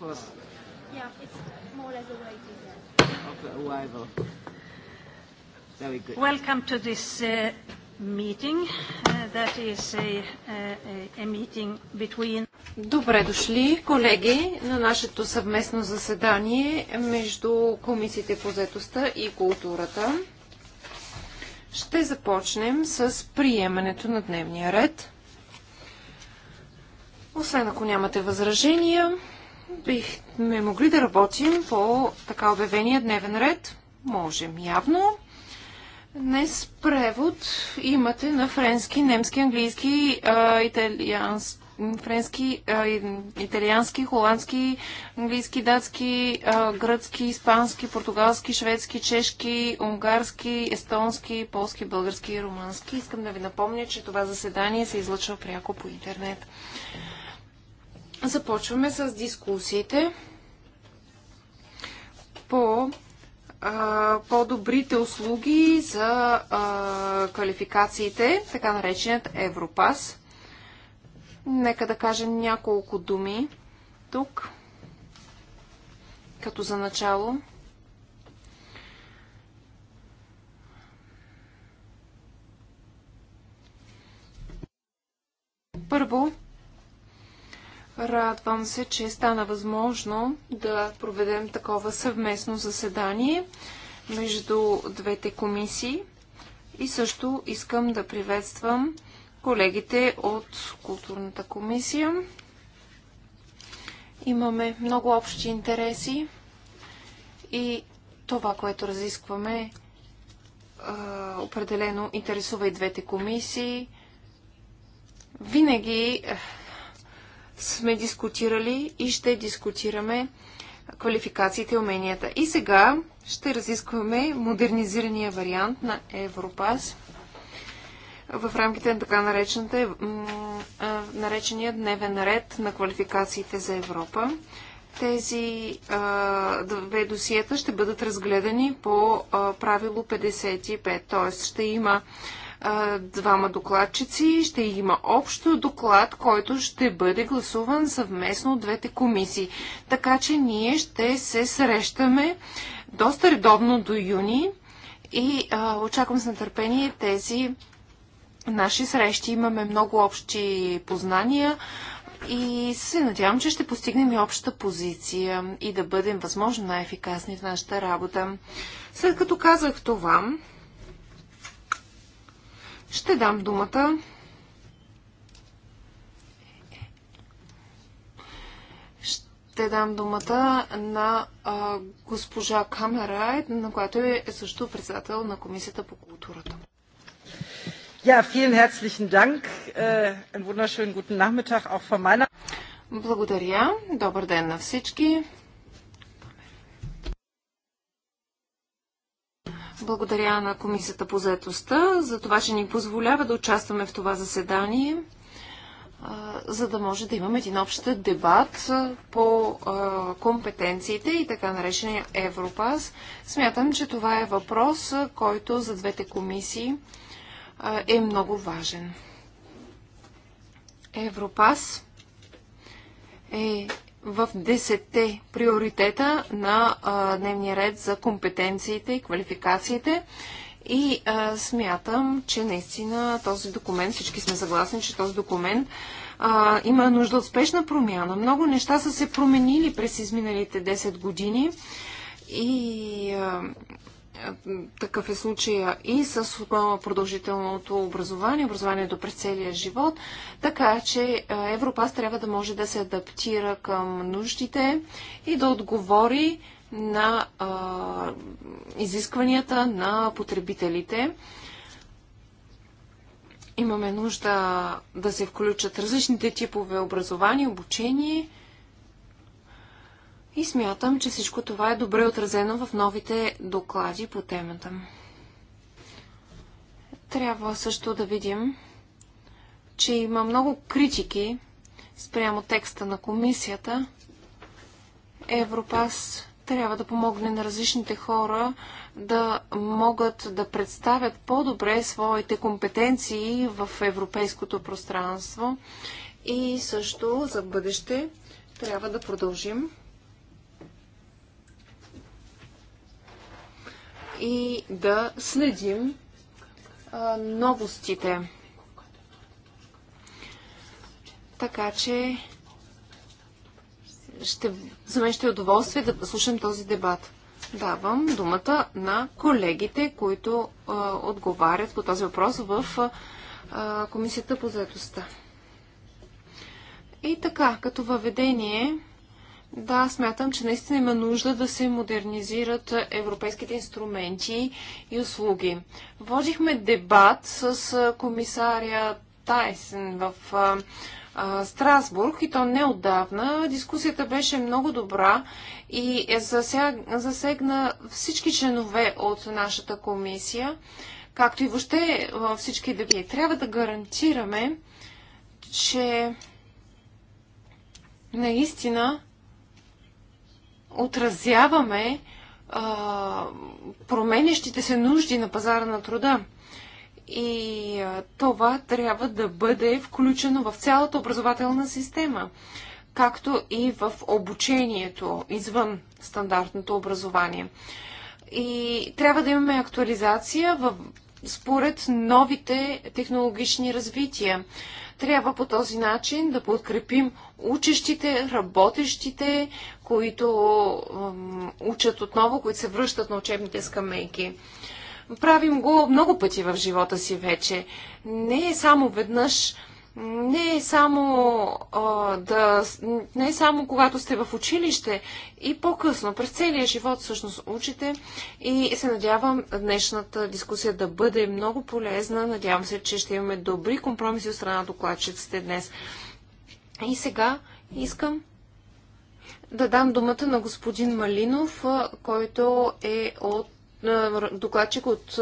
course. Yeah, it's more or less arriving there. Of arrival. Very good. Welcome to this uh, meeting. Uh, that is a, a, a meeting between... Добре дошли, колеги, на нашето съвместно заседание между комисиите по заетостта и културата. Ще започнем с приемането на дневния ред. Освен ако нямате възражения, бихме могли да работим по така обявения дневен ред? Можем, явно. Днес превод имате на френски, немски, английски, италиански, френски, италиански, холандски, английски, датски, гръцки, испански, португалски, шведски, чешки, унгарски, естонски, полски, български и румански. Искам да ви напомня, че това заседание се излъчва пряко по интернет. Започваме с дискусиите по по-добрите услуги за а, квалификациите, така нареченият Европас. Нека да кажем няколко думи тук, като за начало. Първо, Радвам се, че стана възможно да проведем такова съвместно заседание между двете комисии. И също искам да приветствам колегите от Културната комисия. Имаме много общи интереси и това, което разискваме, е, определено интересува и двете комисии. Винаги сме дискутирали и ще дискутираме квалификациите и уменията. И сега ще разискваме модернизирания вариант на Европас в рамките на така наречената, наречения дневен ред на квалификациите за Европа. Тези а, две досиета ще бъдат разгледани по а, правило 55, т.е. ще има двама докладчици. Ще има общо доклад, който ще бъде гласуван съвместно от двете комисии. Така че ние ще се срещаме доста редовно до юни и а, очаквам с нетърпение тези наши срещи. Имаме много общи познания и се надявам, че ще постигнем и обща позиция и да бъдем възможно най-ефикасни в нашата работа. След като казах това, ще дам думата ще дам думата на а, госпожа Камера, на която е също председател на Комисията по културата. Ja, vielen herzlichen Dank. Äh, einen wunderschönen guten Nachmittag auch von meiner. Благодаря. Добър ден на всички. Благодаря на Комисията по заедостта за това, че ни позволява да участваме в това заседание, за да може да имаме един общ дебат по компетенциите и така наречения Европас. Смятам, че това е въпрос, който за двете комисии е много важен. Европас е в 10 приоритета на а, дневния ред за компетенциите и квалификациите. И а, смятам, че наистина този документ, всички сме съгласни, че този документ а, има нужда от спешна промяна. Много неща са се променили през изминалите 10 години и а, такъв е случая и с продължителното образование, образованието през целия живот, така че е, Европас трябва да може да се адаптира към нуждите и да отговори на а, изискванията на потребителите. Имаме нужда да се включат различните типове образование, обучение – и смятам, че всичко това е добре отразено в новите доклади по темата. Трябва също да видим, че има много критики спрямо текста на комисията. Европас трябва да помогне на различните хора да могат да представят по-добре своите компетенции в европейското пространство и също за бъдеще трябва да продължим и да следим а, новостите. Така че ще, за мен ще е удоволствие да слушам този дебат. Давам думата на колегите, които а, отговарят по този въпрос в а, Комисията по заедостта. И така, като въведение, да, смятам, че наистина има нужда да се модернизират европейските инструменти и услуги. Водихме дебат с комисаря Тайсен в Страсбург и то отдавна. Дискусията беше много добра и е засегна всички членове от нашата комисия, както и въобще във всички деби. Трябва да гарантираме, че наистина отразяваме а, променящите се нужди на пазара на труда. И а, това трябва да бъде включено в цялата образователна система, както и в обучението извън стандартното образование. И трябва да имаме актуализация в, според новите технологични развития. Трябва по този начин да подкрепим учещите, работещите, които учат отново, които се връщат на учебните скамейки. Правим го много пъти в живота си вече. Не е само веднъж, не е само, а, да, не е само когато сте в училище и по-късно, през целия живот всъщност учите и се надявам днешната дискусия да бъде много полезна. Надявам се, че ще имаме добри компромиси от страна докладчиците днес. И сега искам да дам думата на господин Малинов, който е от докладчик от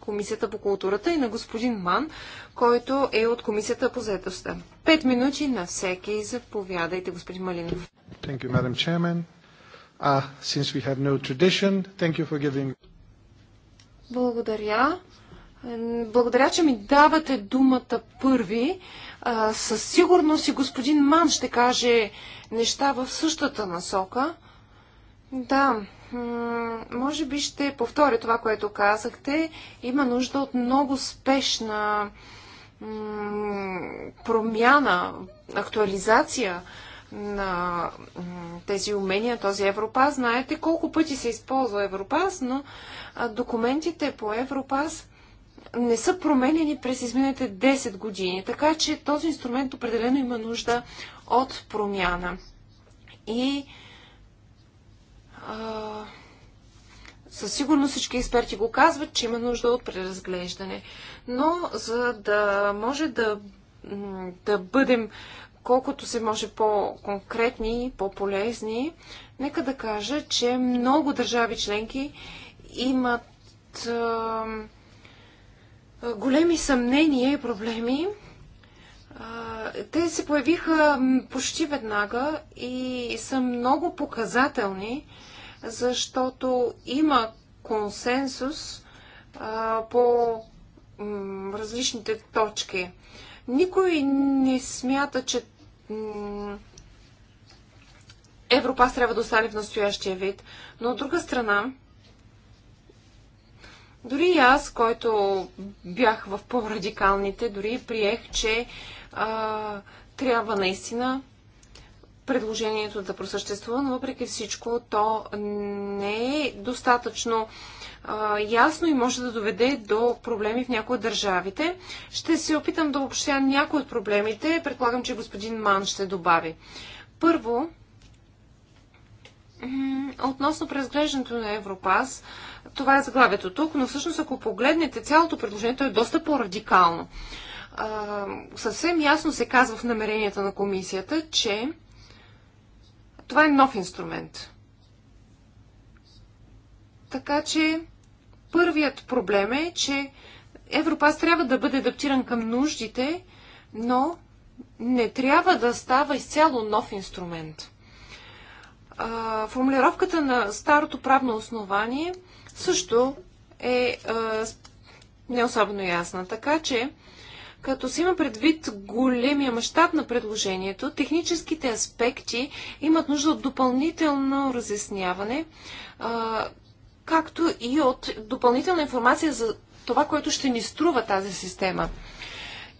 Комисията по културата и на господин Ман, който е от Комисията по заедостта. Пет минути на всеки. Заповядайте, господин Малинов. Thank you, Madam Chairman. Uh, since we have no tradition, thank you for giving... Благодаря. Благодаря, че ми давате думата първи. Uh, а, със сигурност и господин Ман ще каже неща в същата насока. Да, може би ще повторя това, което казахте. Има нужда от много спешна промяна, актуализация на тези умения, този Европас. Знаете колко пъти се използва Европас, но документите по Европас не са променени през изминалите 10 години. Така че този инструмент определено има нужда от промяна. И а, със сигурност всички експерти го казват, че има нужда от преразглеждане. Но за да може да, да бъдем колкото се може по-конкретни, по-полезни, нека да кажа, че много държави членки имат големи съмнения и проблеми. Те се появиха почти веднага и са много показателни, защото има консенсус по различните точки. Никой не смята, че Европас трябва да остане в настоящия вид, но от друга страна дори и аз, който бях в по-радикалните, дори приех, че а, трябва наистина предложението да просъществува, но въпреки всичко то не е достатъчно а, ясно и може да доведе до проблеми в някои от държавите. Ще се опитам да обобщя някои от проблемите. Предполагам, че господин Ман ще добави. Първо, Относно преразглеждането на Европас, това е заглавието тук, но всъщност ако погледнете цялото предложение, то е доста по-радикално. съвсем ясно се казва в намеренията на комисията, че това е нов инструмент. Така че първият проблем е, че Европас трябва да бъде адаптиран към нуждите, но не трябва да става изцяло нов инструмент формулировката на старото правно основание също е а, не е особено ясна. Така че, като си има предвид големия мащаб на предложението, техническите аспекти имат нужда от допълнително разясняване, а, както и от допълнителна информация за това, което ще ни струва тази система.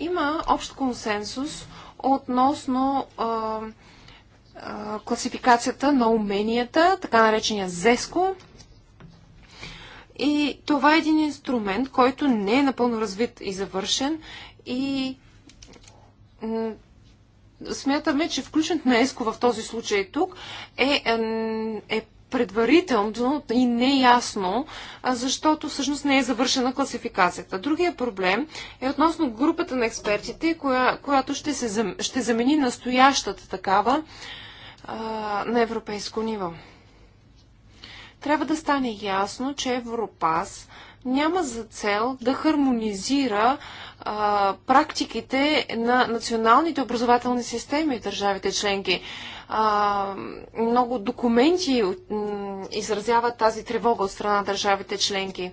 Има общ консенсус относно а, класификацията на уменията, така наречения ЗЕСКО. И това е един инструмент, който не е напълно развит и завършен и смятаме, че включването на ЕСКО в този случай тук е, е предварително и неясно, защото всъщност не е завършена класификацията. Другия проблем е относно групата на експертите, коя, която ще, се, ще замени настоящата такава а, на европейско ниво. Трябва да стане ясно, че Европас няма за цел да хармонизира а, практиките на националните образователни системи в държавите членки. А, много документи изразяват тази тревога от страна на държавите членки.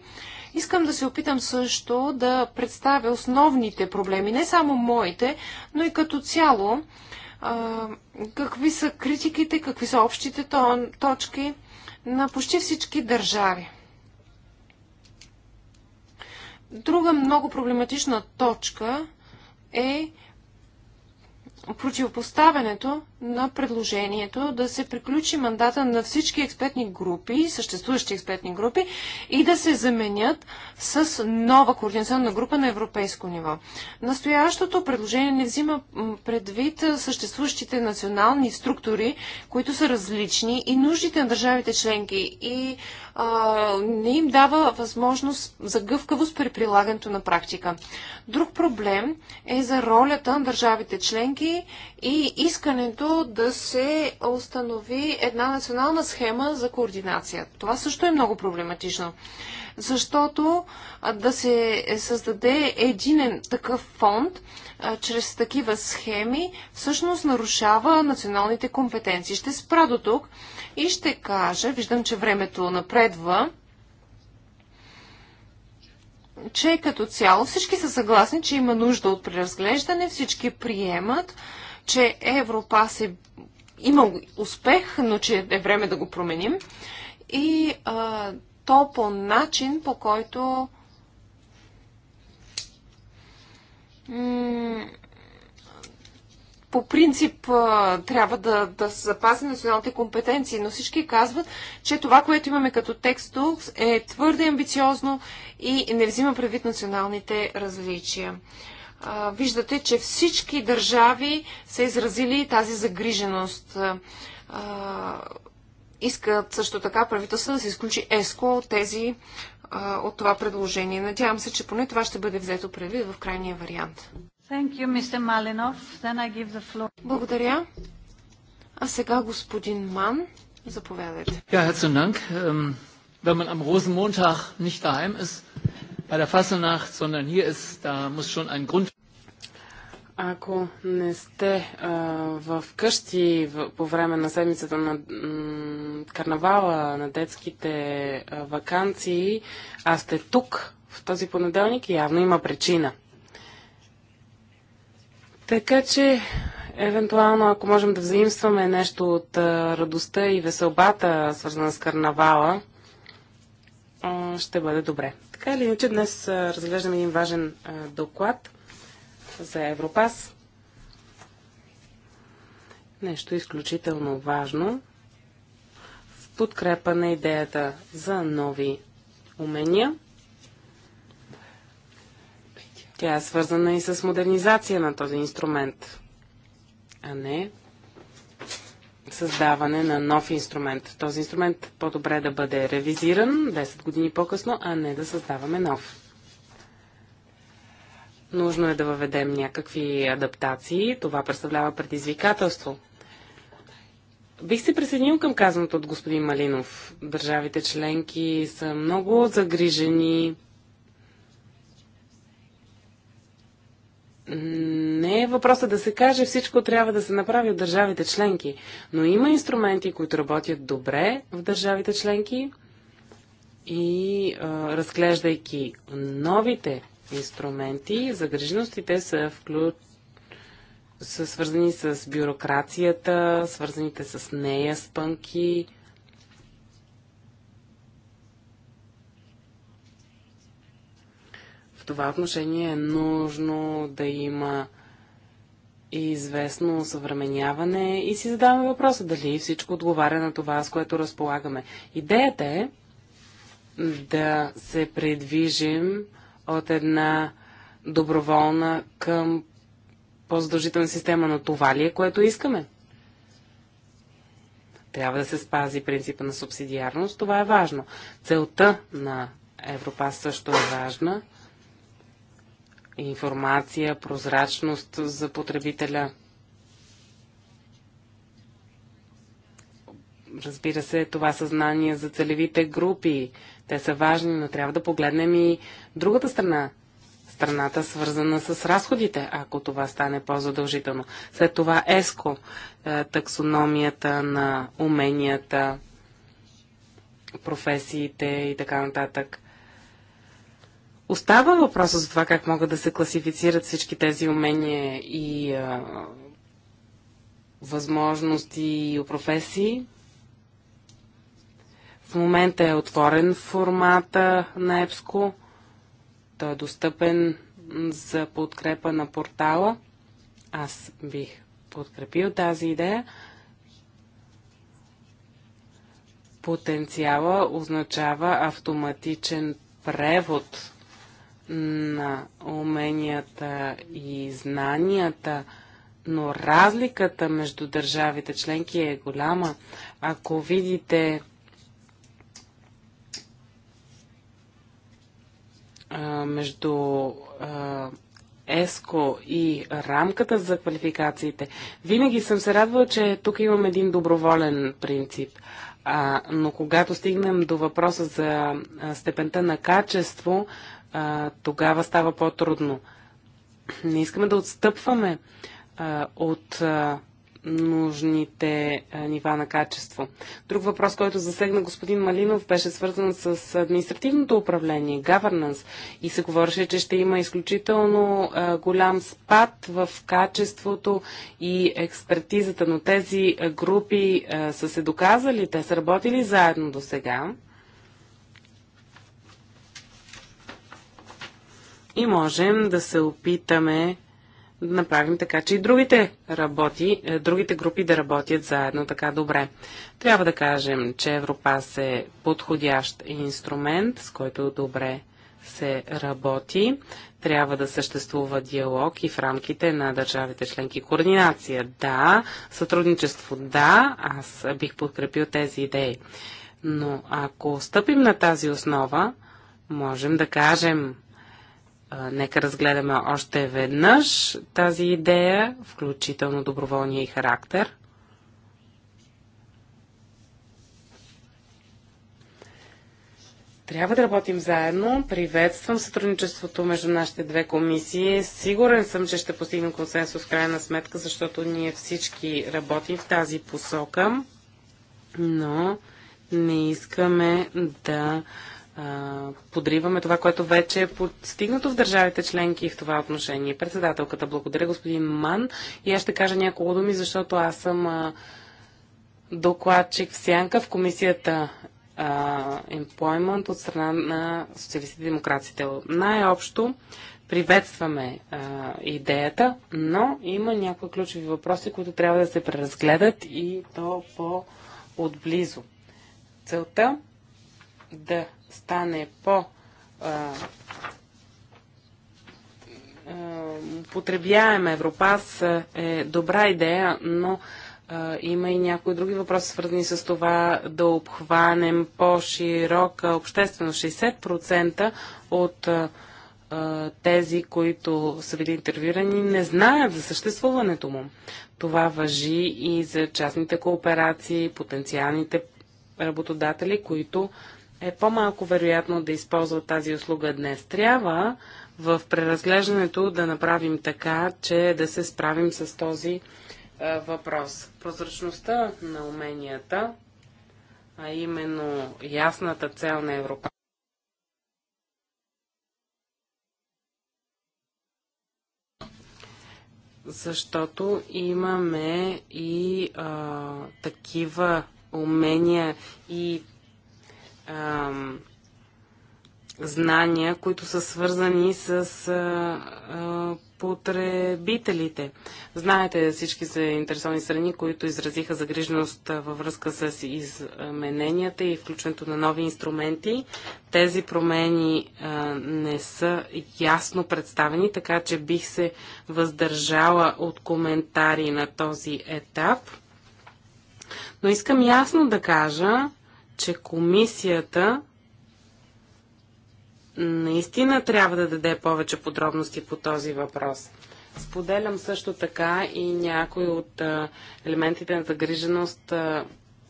Искам да се опитам също да представя основните проблеми, не само моите, но и като цяло а, какви са критиките, какви са общите тон, точки на почти всички държави. Друга много проблематична точка е противопоставянето на предложението да се приключи мандата на всички експертни групи, съществуващи експертни групи и да се заменят с нова координационна група на европейско ниво. Настоящото предложение не взима предвид съществуващите национални структури, които са различни и нуждите на държавите членки и а, не им дава възможност за гъвкавост при прилагането на практика. Друг проблем е за ролята на държавите членки и искането да се установи една национална схема за координация. Това също е много проблематично, защото да се създаде един такъв фонд чрез такива схеми всъщност нарушава националните компетенции. Ще спра до тук и ще кажа, виждам, че времето напредва, че като цяло всички са съгласни, че има нужда от преразглеждане, всички приемат, че Европас е има успех, но че е време да го променим. И а, то по начин, по който по принцип трябва да, да запази националните компетенции, но всички казват, че това, което имаме като текст тук е твърде амбициозно и не взима предвид националните различия. Виждате, че всички държави са изразили тази загриженост. Искат също така правителството да се изключи ЕСКО от тези от това предложение. Надявам се, че поне това ще бъде взето предвид в крайния вариант. You, Благодаря. А сега господин Ман, заповядайте. Ja, herzlichen Dank. Ähm, wenn man am Rosenmontag nicht daheim ist, bei der Fasselnacht, sondern hier ist, da muss schon ein Grund ако не сте а, в къщи в, по време на седмицата на м, карнавала, на детските а, вакансии, а сте тук в този понеделник, явно има причина. Така че, евентуално, ако можем да взаимстваме нещо от радостта и веселбата, свързана с карнавала, ще бъде добре. Така или иначе, днес разглеждаме един важен доклад за Европас. Нещо изключително важно в подкрепа на идеята за нови умения – тя е свързана и с модернизация на този инструмент, а не създаване на нов инструмент. Този инструмент по-добре да бъде ревизиран 10 години по-късно, а не да създаваме нов. Нужно е да въведем някакви адаптации. Това представлява предизвикателство. Бих се присъединил към казаното от господин Малинов. Държавите членки са много загрижени не е въпроса да се каже всичко трябва да се направи от държавите членки, но има инструменти, които работят добре в държавите членки и а, разглеждайки новите инструменти, загриженостите са, вклю... са свързани с бюрокрацията, свързаните с нея спънки, това отношение е нужно да има и известно съвременяване и си задаваме въпроса дали всичко отговаря на това, с което разполагаме. Идеята е да се предвижим от една доброволна към по-задължителна система на това ли е, което искаме. Трябва да се спази принципа на субсидиарност, това е важно. Целта на Европа също е важна, информация, прозрачност за потребителя. Разбира се, това съзнание за целевите групи. Те са важни, но трябва да погледнем и другата страна. Страната свързана с разходите, ако това стане по-задължително. След това ЕСКО, е, таксономията на уменията, професиите и така нататък остава въпроса за това как могат да се класифицират всички тези умения и а, възможности и професии. В момента е отворен формата на ЕПСКО. Той е достъпен за подкрепа на портала. Аз бих подкрепил тази идея. Потенциала означава автоматичен превод на уменията и знанията, но разликата между държавите членки е голяма. Ако видите а, между а, ЕСКО и рамката за квалификациите, винаги съм се радвала, че тук имам един доброволен принцип. А, но когато стигнем до въпроса за степента на качество, а, тогава става по-трудно. Не искаме да отстъпваме а, от а, нужните а, нива на качество. Друг въпрос, който засегна господин Малинов, беше свързан с административното управление, governance, и се говореше, че ще има изключително а, голям спад в качеството и експертизата, но тези групи а, са се доказали, те са работили заедно до сега и можем да се опитаме да направим така, че и другите, работи, е, другите групи да работят заедно така добре. Трябва да кажем, че Европас е подходящ инструмент, с който добре се работи. Трябва да съществува диалог и в рамките на държавите членки. Координация – да, сътрудничество – да, аз бих подкрепил тези идеи. Но ако стъпим на тази основа, можем да кажем – нека разгледаме още веднъж тази идея, включително доброволния и характер. Трябва да работим заедно. Приветствам сътрудничеството между нашите две комисии. Сигурен съм, че ще постигнем консенсус в крайна сметка, защото ние всички работим в тази посока, но не искаме да подриваме това, което вече е подстигнато в държавите членки в това отношение. Председателката, благодаря господин Ман. И аз ще кажа няколко думи, защото аз съм а, докладчик в Сянка в комисията а, Employment от страна на социалистите и демокраците. Най-общо приветстваме а, идеята, но има някои ключови въпроси, които трябва да се преразгледат и то по-отблизо. Целта да стане по потребяем Европас е добра идея, но има и някои други въпроси, свързани с това да обхванем по-широка общественост. 60% от а, тези, които са били интервюирани, не знаят за съществуването му. Това въжи и за частните кооперации, потенциалните работодатели, които е по-малко вероятно да използват тази услуга днес. Трябва в преразглеждането да направим така, че да се справим с този е, въпрос. Прозрачността на уменията, а именно ясната цел на Европа. Защото имаме и а, такива умения и знания, които са свързани с а, а, потребителите. Знаете всички заинтересовани страни, които изразиха загриженост във връзка с измененията и включването на нови инструменти. Тези промени а, не са ясно представени, така че бих се въздържала от коментари на този етап. Но искам ясно да кажа, че комисията наистина трябва да даде повече подробности по този въпрос. Споделям също така и някои от елементите на загриженост,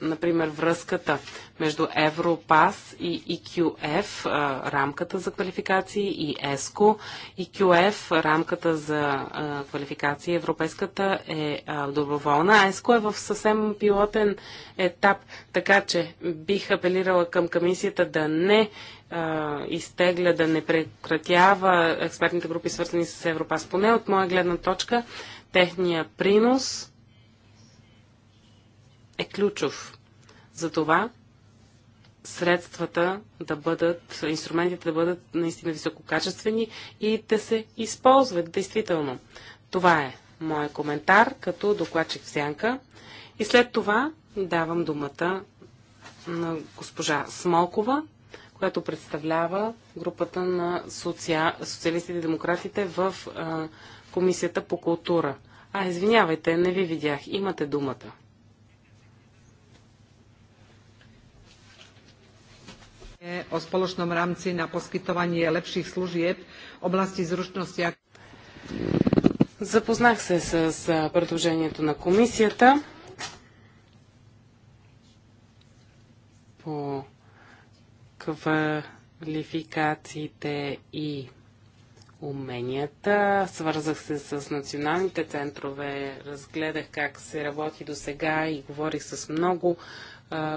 например, връзката между Европас и EQF, рамката за квалификации, и ЕСКО. EQF, рамката за квалификации, европейската е доброволна. ЕСКО е в съвсем пилотен етап, така че бих апелирала към комисията да не изтегля, да не прекратява експертните групи, свързани с Европас. Поне от моя гледна точка, техния принос е ключов. Затова средствата да бъдат, инструментите да бъдат наистина висококачествени и да се използват действително. Това е моят коментар като докладчик в сянка. И след това давам думата на госпожа Смолкова, която представлява групата на социал... социалистите и демократите в а, Комисията по култура. А, извинявайте, не ви видях. Имате думата. o spoločnom rámci na poskytovanie lepších služieb v oblasti zručnosti. Запознах се с предложението на комисията по квалификациите и уменията. Свързах се с националните центрове, разгледах как се работи до сега и говорих с много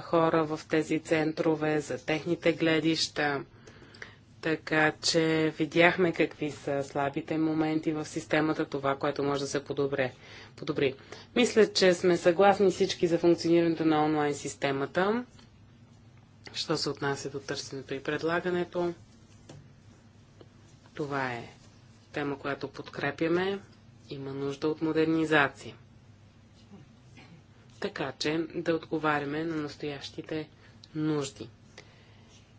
хора в тези центрове, за техните гледища. Така че видяхме какви са слабите моменти в системата, това, което може да се подобре. подобри. Мисля, че сме съгласни всички за функционирането на онлайн системата, що се отнася до търсенето и предлагането. Това е тема, която подкрепяме. Има нужда от модернизация така че да отговаряме на настоящите нужди.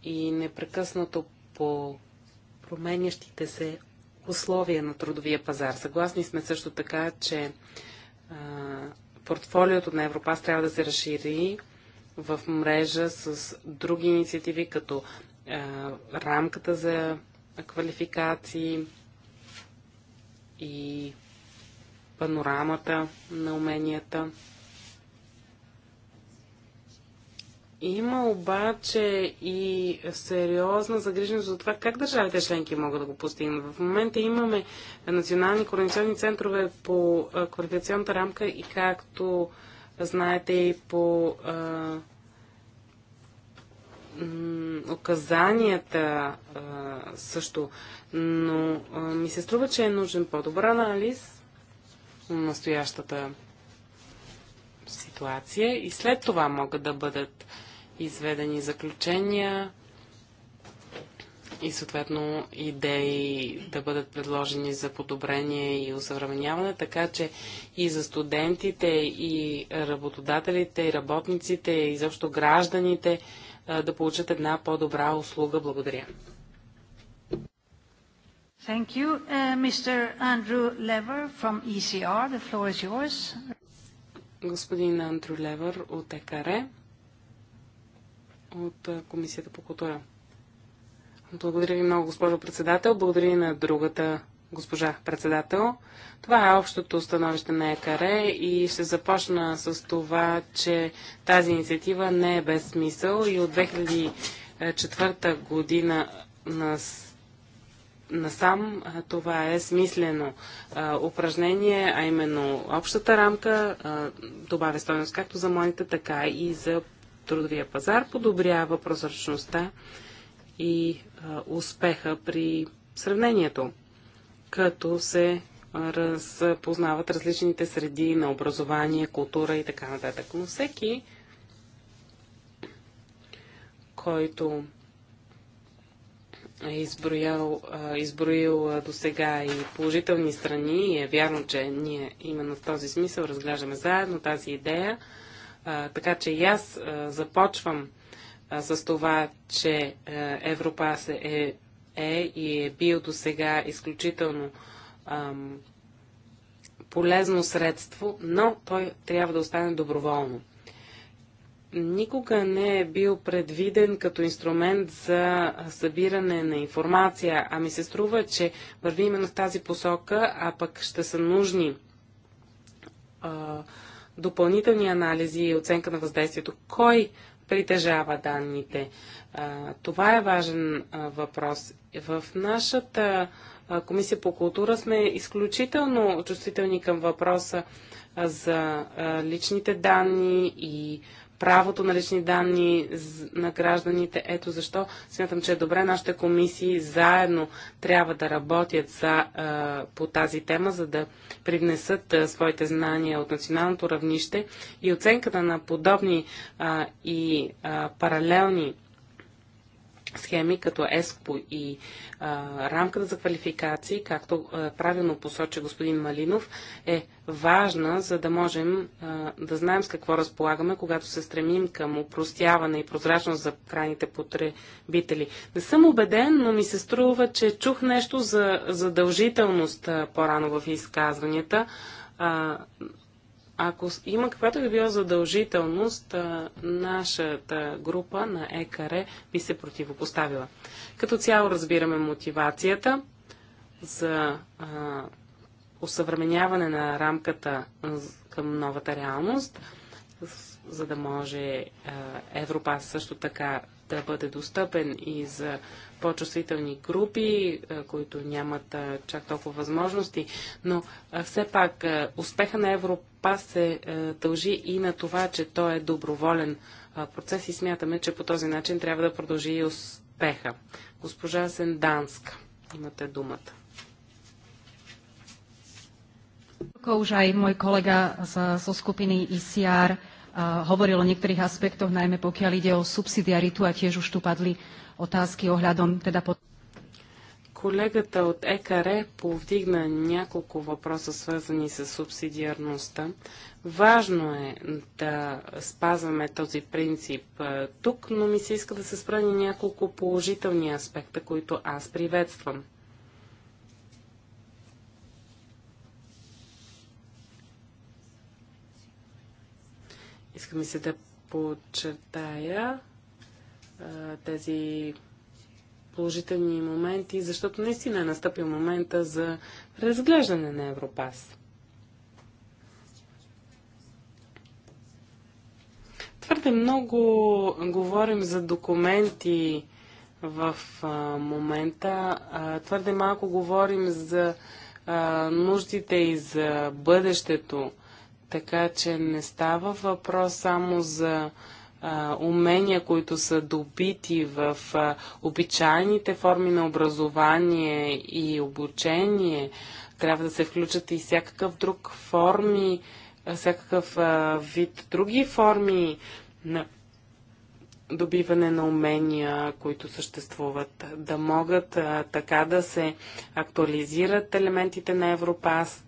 И непрекъснато по променящите се условия на трудовия пазар. Съгласни сме също така, че а, портфолиото на Европас трябва да се разшири в мрежа с други инициативи, като а, рамката за квалификации и панорамата на уменията. Има обаче и сериозна загриженост за това как държавите членки могат да го постигнат. В момента имаме национални координационни центрове по квалификационната рамка и както знаете и по а, указанията а, също. Но а, ми се струва, че е нужен по-добър анализ на настоящата ситуация и след това могат да бъдат изведени заключения и съответно идеи да бъдат предложени за подобрение и усъвременяване, така че и за студентите, и работодателите, и работниците, и защо гражданите да получат една по-добра услуга. Благодаря. Thank you. Uh, Mr. Andrew Lever from ECR, the floor is yours. Господин Андрю Левър от ЕКАРЕ от Комисията по култура. Благодаря ви много, госпожо председател. Благодаря и на другата госпожа председател. Това е общото становище на ЕКАРЕ и ще започна с това, че тази инициатива не е без смисъл и от 2004 година на насам това е смислено а, упражнение, а именно общата рамка а, добавя стоеност както за младите, така и за трудовия пазар подобрява прозрачността и а, успеха при сравнението, като се разпознават различните среди на образование, култура и така нататък. Но всеки, който е изброял, изброил до сега и положителни страни и е вярно, че ние именно в този смисъл разглеждаме заедно тази идея – а, така че и аз а, започвам а, с това, че а, Европас е, е и е бил до сега изключително ам, полезно средство, но той трябва да остане доброволно. Никога не е бил предвиден като инструмент за събиране на информация, а ми се струва, че върви именно в тази посока, а пък ще са нужни а, допълнителни анализи и оценка на въздействието, кой притежава данните. Това е важен въпрос. В нашата Комисия по култура сме изключително чувствителни към въпроса за личните данни и правото на лични данни на гражданите. Ето защо смятам, че е добре нашите комисии заедно трябва да работят за, по тази тема, за да привнесат своите знания от националното равнище и оценката на подобни и паралелни схеми като ЕСКО и а, рамката за квалификации, както а, правилно посочи господин Малинов, е важна, за да можем а, да знаем с какво разполагаме, когато се стремим към упростяване и прозрачност за крайните потребители. Не съм убеден, но ми се струва, че чух нещо за задължителност по-рано в изказванията. А, ако има каквато и да било задължителност, нашата група на ЕКАРЕ би се противопоставила. Като цяло разбираме мотивацията за усъвременяване осъвременяване на рамката към новата реалност, за да може Европа също така да бъде достъпен и за по-чувствителни групи, които нямат чак толкова възможности. Но все пак успеха на Европас се дължи и на това, че той е доброволен процес и смятаме, че по този начин трябва да продължи и успеха. Госпожа Сенданска, имате думата. aj môj kolega zo skupiny ICR, hovoril o niektorých aspektoch, najmä pokiaľ ide o subsidiaritu a tiež už tu padli otázky ohľadom teda pod... Колегата от ЕКР повдигна няколко въпроса, свързани с субсидиарността. Важно е да спазваме този принцип тук, но ми се иска да се спра няколко положителни аспекта, които аз приветствам. Иска ми се да подчертая а, тези положителни моменти, защото наистина е настъпил момента за разглеждане на Европас. Твърде много говорим за документи в а, момента, а, твърде малко говорим за а, нуждите и за бъдещето така че не става въпрос само за а, умения, които са добити в а, обичайните форми на образование и обучение. Трябва да се включат и всякакъв друг форми, всякакъв а, вид други форми на добиване на умения, които съществуват, да могат а, така да се актуализират елементите на Европас,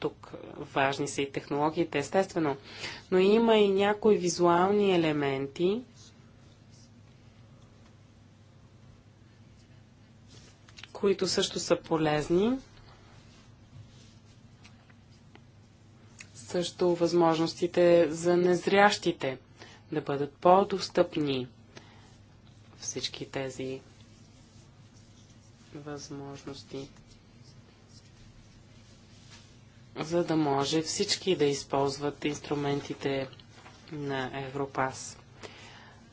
тук важни са и технологиите, естествено. Но има и някои визуални елементи, които също са полезни. Също възможностите за незрящите да бъдат по-достъпни всички тези възможности за да може всички да използват инструментите на Европас.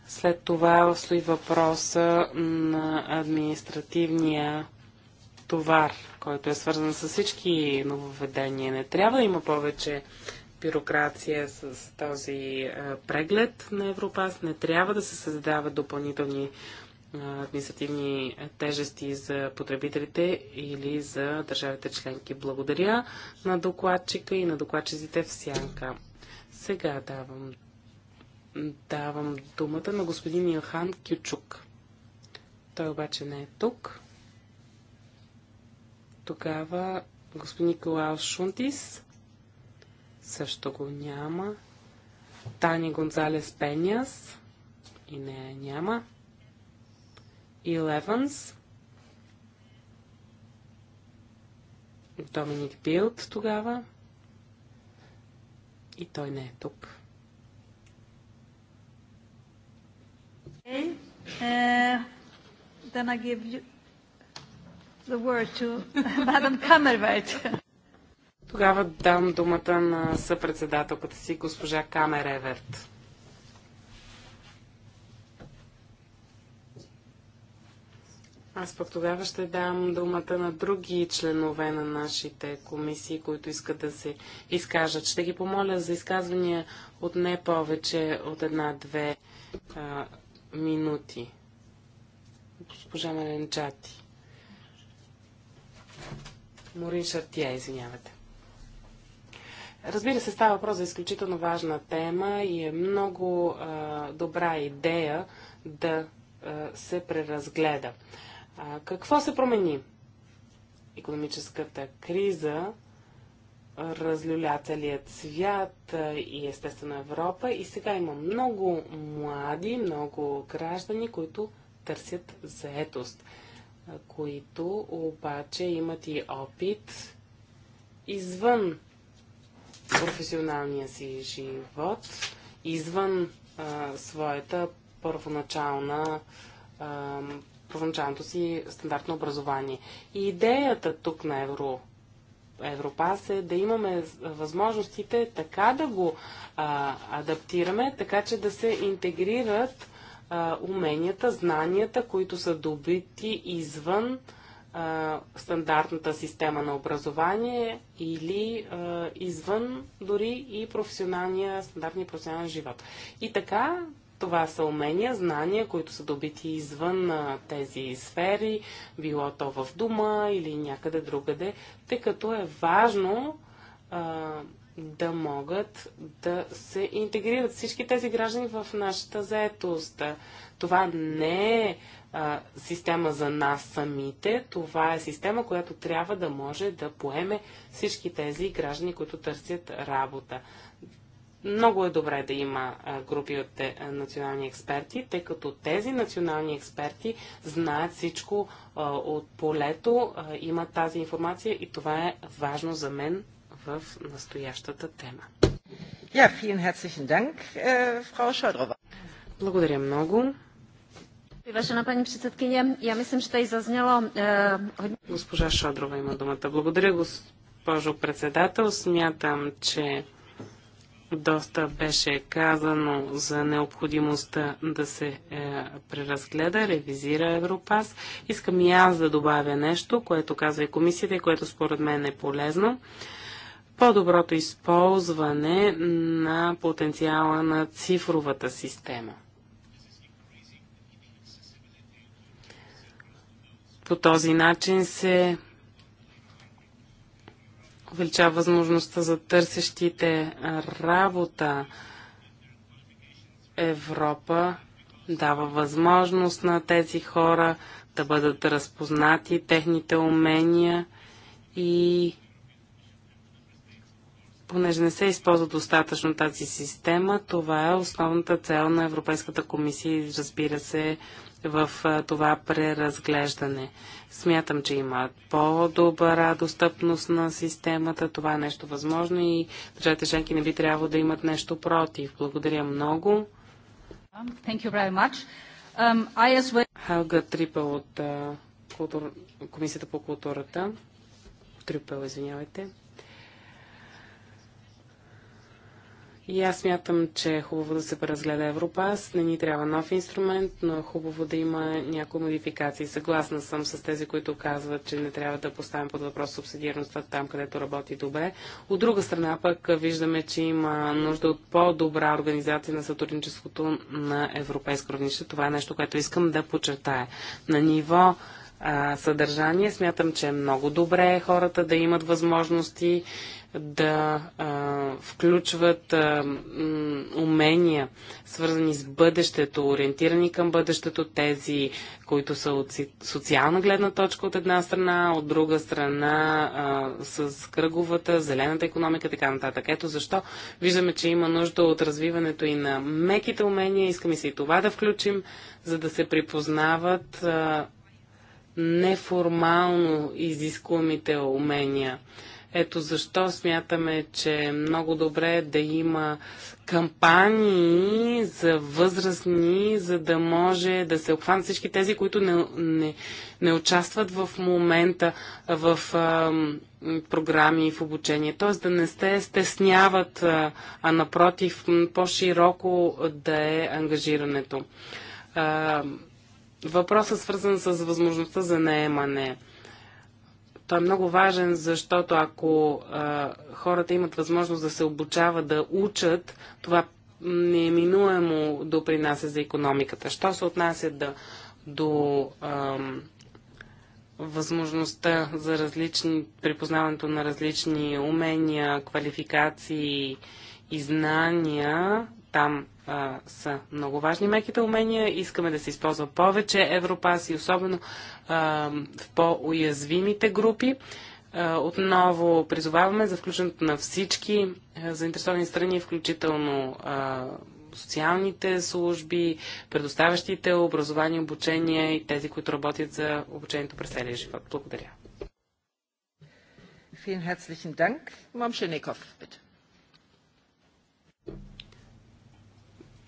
След това стои въпроса на административния товар, който е свързан с всички нововведения. Не трябва да има повече бюрокрация с този преглед на Европас. Не трябва да се създават допълнителни административни тежести за потребителите или за държавите членки. Благодаря на докладчика и на докладчиците в Сянка. Сега давам, давам думата на господин Илхан Кючук. Той обаче не е тук. Тогава господин Николао Шунтис също го няма. Тани Гонзалес Пеняс и нея няма. Ил Доминик Билд тогава и той не е тук. Uh, тогава дам думата на съпредседателката си, госпожа Камереверт. Аз пък тогава ще дам думата на други членове на нашите комисии, които искат да се изкажат. Ще ги помоля за изказвания от не повече от една-две минути. Госпожа Маленчати. Морин Шартия, извинявате. Разбира се, става въпрос за изключително важна тема и е много а, добра идея да а, се преразгледа. А, какво се промени? Економическата криза разлюля целият свят и естествено Европа. И сега има много млади, много граждани, които търсят заетост, които обаче имат и опит извън професионалния си живот, извън а, своята първоначална а, първоначалното си стандартно образование. И идеята тук на Евро Европас е да имаме възможностите така да го а, адаптираме, така че да се интегрират а, уменията, знанията, които са добити извън а, стандартната система на образование или а, извън дори и професионалния, стандартния професионален живот. И така това са умения, знания, които са добити извън а, тези сфери, било то в дума или някъде другаде, тъй като е важно а, да могат да се интегрират всички тези граждани в нашата заетост. Това не е а, система за нас самите, това е система, която трябва да може да поеме всички тези граждани, които търсят работа. Много е добре да има групи от национални експерти, тъй като тези национални експерти знаят всичко от полето, имат тази информация и това е важно за мен в настоящата тема. Ja, vielen herzlichen Dank, э, Frau Schodrova. Благодаря много. Vážená paní předsedkyně, já myslím, že tady zaznělo э, hodně... Госпожа Шадрова, има думата. Благодаря, госпожо председател. Смятам, че доста беше казано за необходимостта да се е, преразгледа, ревизира Европас. Искам и аз да добавя нещо, което казва и комисията и което според мен е полезно. По-доброто използване на потенциала на цифровата система. По този начин се увеличава възможността за търсещите работа. Европа дава възможност на тези хора да бъдат разпознати техните умения и понеже не се използва достатъчно тази система, това е основната цел на Европейската комисия и разбира се в това преразглеждане. Смятам, че има по-добра достъпност на системата. Това е нещо възможно и държавите членки не би трябвало да имат нещо против. Благодаря много. Thank you very much. Um, I as well... Хелга Трипел от uh, култур... Комисията по културата. Трипел, извинявайте. И аз мятам, че е хубаво да се преразгледа Европас. Не ни трябва нов инструмент, но е хубаво да има някои модификации. Съгласна съм с тези, които казват, че не трябва да поставим под въпрос субсидиарността там, където работи добре. От друга страна пък виждаме, че има нужда от по-добра организация на сътрудничеството на европейско равнище. Това е нещо, което искам да подчертая. На ниво съдържание. Смятам, че е много добре хората да имат възможности да а, включват а, умения, свързани с бъдещето, ориентирани към бъдещето, тези, които са от социална гледна точка от една страна, от друга страна а, с кръговата, зелената економика, така нататък. Ето защо виждаме, че има нужда от развиването и на меките умения. Искаме се и това да включим, за да се припознават а, неформално изискуемите умения ето защо смятаме, че е много добре да има кампании за възрастни, за да може да се обхванат всички тези, които не, не, не участват в момента в а, програми и в обучение. Т.е. да не сте стесняват, а, напротив, по-широко да е ангажирането. А, въпросът свързан с възможността за наемане. Той е много важен, защото ако а, хората имат възможност да се обучават, да учат, това неминуемо е допринася за економиката. Що се отнася да, до а, възможността за различни, припознаването на различни умения, квалификации и знания, там са много важни меките умения. Искаме да се използва повече Европас и особено а, в по-уязвимите групи. А, отново призоваваме за включването на всички а, заинтересовани страни, включително а, социалните служби, предоставящите образование, обучение и тези, които работят за обучението през целия живот. Благодаря. Vielen herzlichen Dank. Mamschenikov, bitte.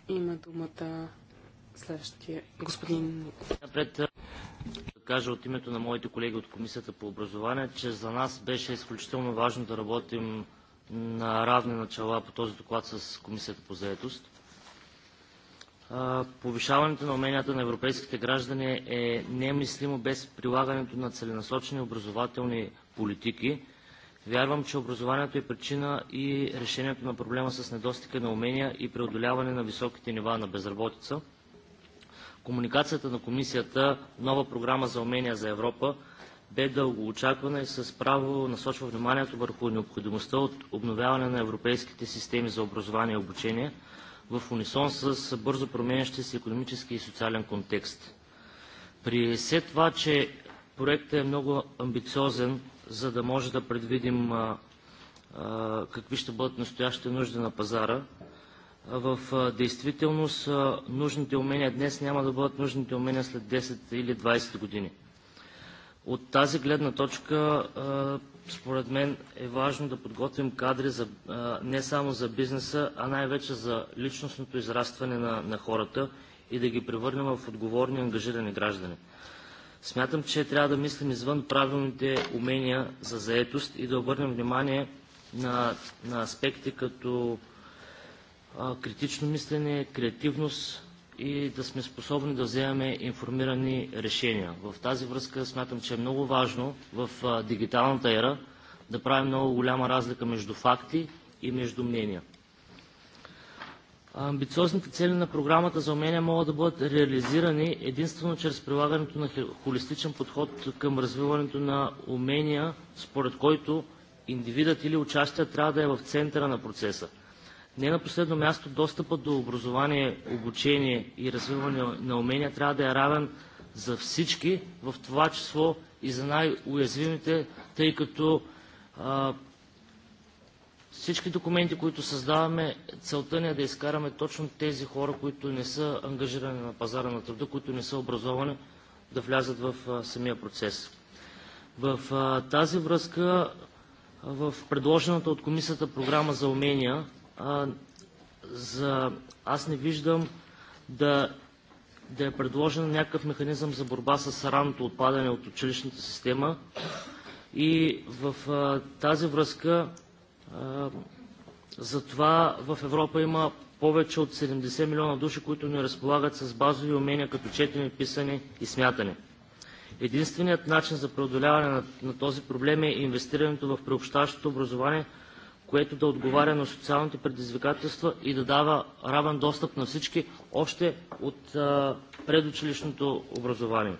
Има думата следващия господин. Напред кажа от името на моите колеги от Комисията по образование, че за нас беше изключително важно да работим на равни начала по този доклад с Комисията по заедост. Повишаването на уменията на европейските граждани е немислимо без прилагането на целенасочени образователни политики – Вярвам, че образованието е причина и решението на проблема с недостига на умения и преодоляване на високите нива на безработица. Комуникацията на комисията «Нова програма за умения за Европа» бе очаквана и с право насочва вниманието върху необходимостта от обновяване на европейските системи за образование и обучение в унисон с бързо променящи се економически и социален контекст. При все това, че проектът е много амбициозен за да може да предвидим какви ще бъдат настоящите нужди на пазара. В действителност нужните умения днес няма да бъдат нужните умения след 10 или 20 години. От тази гледна точка, според мен, е важно да подготвим кадри за, не само за бизнеса, а най-вече за личностното израстване на, на хората и да ги превърнем в отговорни, ангажирани граждани. Смятам, че трябва да мислим извън правилните умения за заетост и да обърнем внимание на, на аспекти като а, критично мислене, креативност и да сме способни да вземаме информирани решения. В тази връзка смятам, че е много важно в а, дигиталната ера да правим много голяма разлика между факти и между мнения. Амбициозните цели на програмата за умения могат да бъдат реализирани единствено чрез прилагането на холистичен подход към развиването на умения, според който индивидът или участият трябва да е в центъра на процеса. Не на последно място, достъпът до образование, обучение и развиване на умения трябва да е равен за всички, в това число и за най-уязвимите, тъй като а, всички документи, които създаваме, целта ни е да изкараме точно тези хора, които не са ангажирани на пазара на труда, които не са образовани, да влязат в самия процес. В тази връзка в предложената от комисията програма за умения за... аз не виждам да, да е предложен някакъв механизъм за борба с ранното отпадане от училищната система и в тази връзка е, затова в Европа има повече от 70 милиона души, които не разполагат с базови умения като четене, писане и смятане. Единственият начин за преодоляване на този проблем е инвестирането в приобщаващото образование, което да отговаря на социалните предизвикателства и да дава равен достъп на всички още от е, предучилищното образование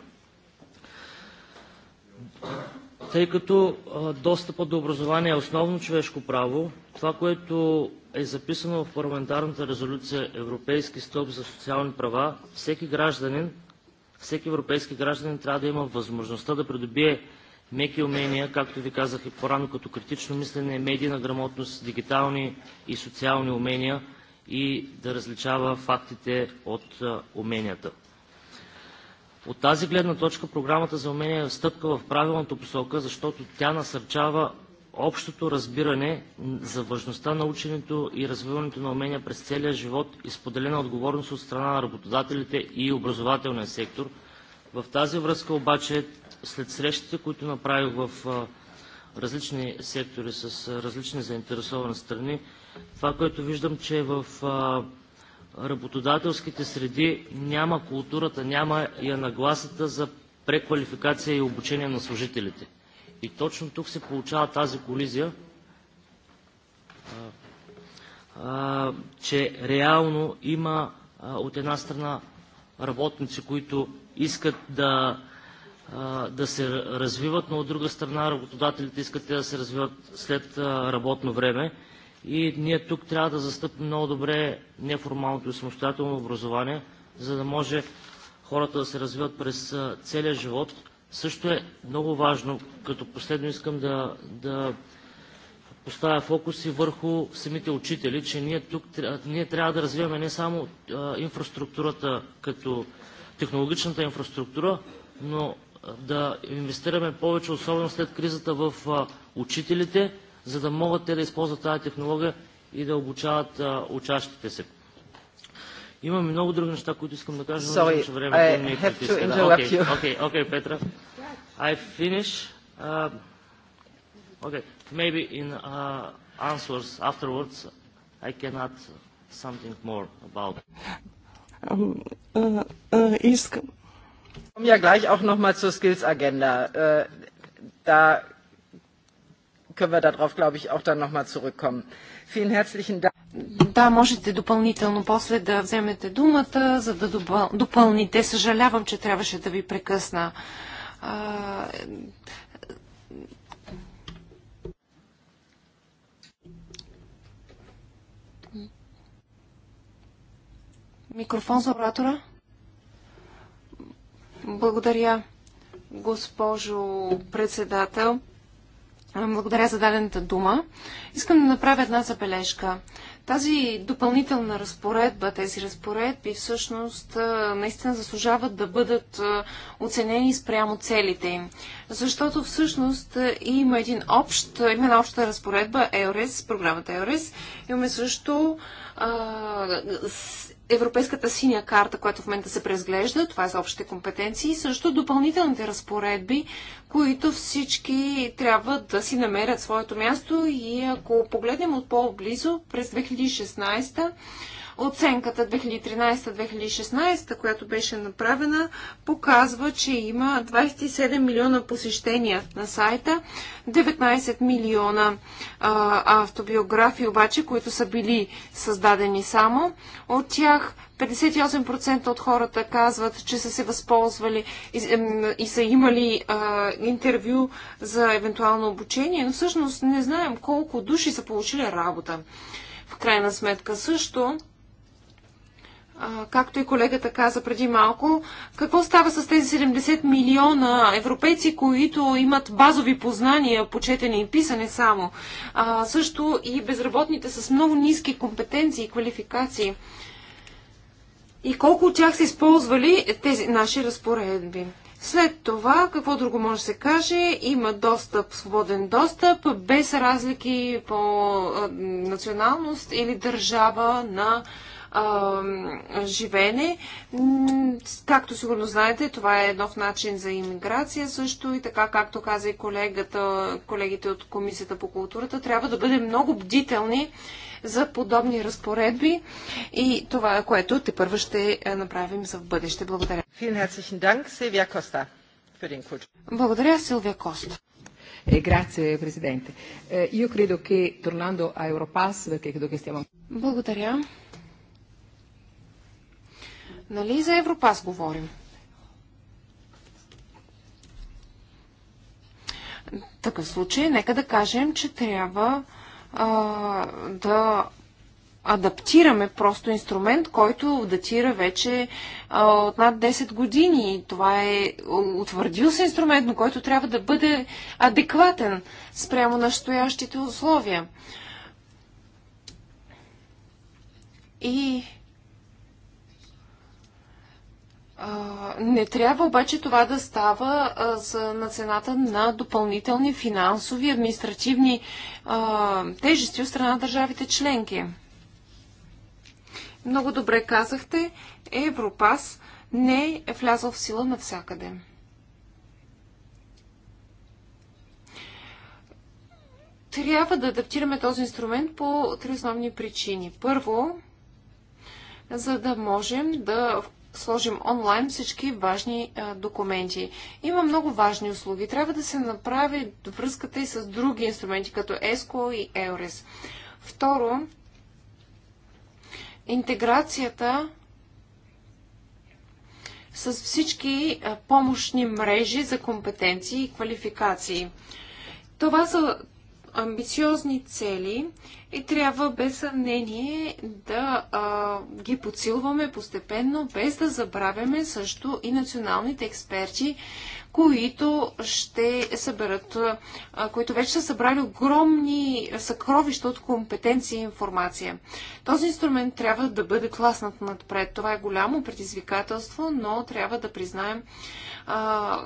тъй като достъпа до образование е основно човешко право, това, което е записано в парламентарната резолюция Европейски стоп за социални права, всеки гражданин, всеки европейски гражданин трябва да има възможността да придобие меки умения, както ви казах и по-рано, като критично мислене, медийна грамотност, дигитални и социални умения и да различава фактите от уменията. От тази гледна точка програмата за умения е стъпка в правилната посока, защото тя насърчава общото разбиране за важността на ученето и развиването на умения през целия живот и споделена отговорност от страна на работодателите и образователния сектор. В тази връзка обаче, след срещите, които направих в различни сектори с различни заинтересовани страни, това, което виждам, че в работодателските среди няма културата, няма и нагласата за преквалификация и обучение на служителите. И точно тук се получава тази колизия, че реално има от една страна работници, които искат да, да се развиват, но от друга страна работодателите искат да се развиват след работно време и ние тук трябва да застъпим много добре неформалното и самостоятелно образование, за да може хората да се развиват през целия живот. Също е много важно, като последно искам да, да поставя фокус и върху самите учители, че ние тук ние трябва да развиваме не само инфраструктурата като технологичната инфраструктура, но да инвестираме повече, особено след кризата, в учителите за да могат те да използват тази технология и да обучават а, учащите се. Имам и много други неща, които искам да кажа, но нямаше време. Sorry, I have to interrupt you. Okay, okay, Петра. I finish. Uh, okay, maybe in uh, answers afterwards I can add something more about. Um, uh, uh, ich komme ja gleich auch noch mal zur Skills Agenda. Uh, da können wir darauf, glaube ich, auch dann nochmal zurückkommen. Vielen herzlichen Dank. Да, можете допълнително после да вземете думата, за да допълните. Съжалявам, че трябваше да ви прекъсна. Микрофон за оратора. Благодаря, госпожо председател. Благодаря за дадената дума. Искам да направя една забележка. Тази допълнителна разпоредба, тези разпоредби всъщност наистина заслужават да бъдат оценени спрямо целите им. Защото всъщност има един общ, има една обща разпоредба ЕОРЕС, програмата ЕОРЕС. Имаме също а, Европейската синя карта, която в момента се преразглежда, това е за общите компетенции, и също допълнителните разпоредби, които всички трябва да си намерят своето място и ако погледнем от по-близо, през 2016 Оценката 2013-2016, която беше направена, показва, че има 27 милиона посещения на сайта, 19 милиона а, автобиографии обаче, които са били създадени само. От тях 58% от хората казват, че са се възползвали и, и са имали а, интервю за евентуално обучение, но всъщност не знаем колко души са получили работа. В крайна сметка също както и колегата каза преди малко, какво става с тези 70 милиона европейци, които имат базови познания по четене и писане само, а, също и безработните с много ниски компетенции и квалификации. И колко от тях са използвали тези наши разпоредби. След това, какво друго може да се каже, има достъп, свободен достъп, без разлики по националност или държава на а, живеене. Както сигурно знаете, това е нов начин за иммиграция също и така, както каза и колегата, колегите от Комисията по културата, трябва да бъдем много бдителни за подобни разпоредби и това, което те първо ще е, направим за в бъдеще. Благодаря. Благодаря, Силвия Коста. E grazie Presidente. Eh, io credo che tornando a Europass, perché credo che stiamo... Благодаря. Нали за Европас говорим? В такъв случай, нека да кажем, че трябва а, да адаптираме просто инструмент, който датира вече а, от над 10 години. Това е утвърдил се инструмент, но който трябва да бъде адекватен спрямо настоящите условия. И не трябва обаче това да става за, на цената на допълнителни финансови, административни тежести от страна на държавите членки. Много добре казахте, Европас не е влязъл в сила навсякъде. Трябва да адаптираме този инструмент по три основни причини. Първо, за да можем да сложим онлайн всички важни а, документи. Има много важни услуги. Трябва да се направи връзката и с други инструменти, като ESCO и EURES. Второ, интеграцията с всички помощни мрежи за компетенции и квалификации. Това за амбициозни цели и трябва без съмнение да а, ги подсилваме постепенно, без да забравяме също и националните експерти, които ще съберат, а, които вече са събрали огромни съкровища от компетенции и информация. Този инструмент трябва да бъде класнат напред. Това е голямо предизвикателство, но трябва да признаем а,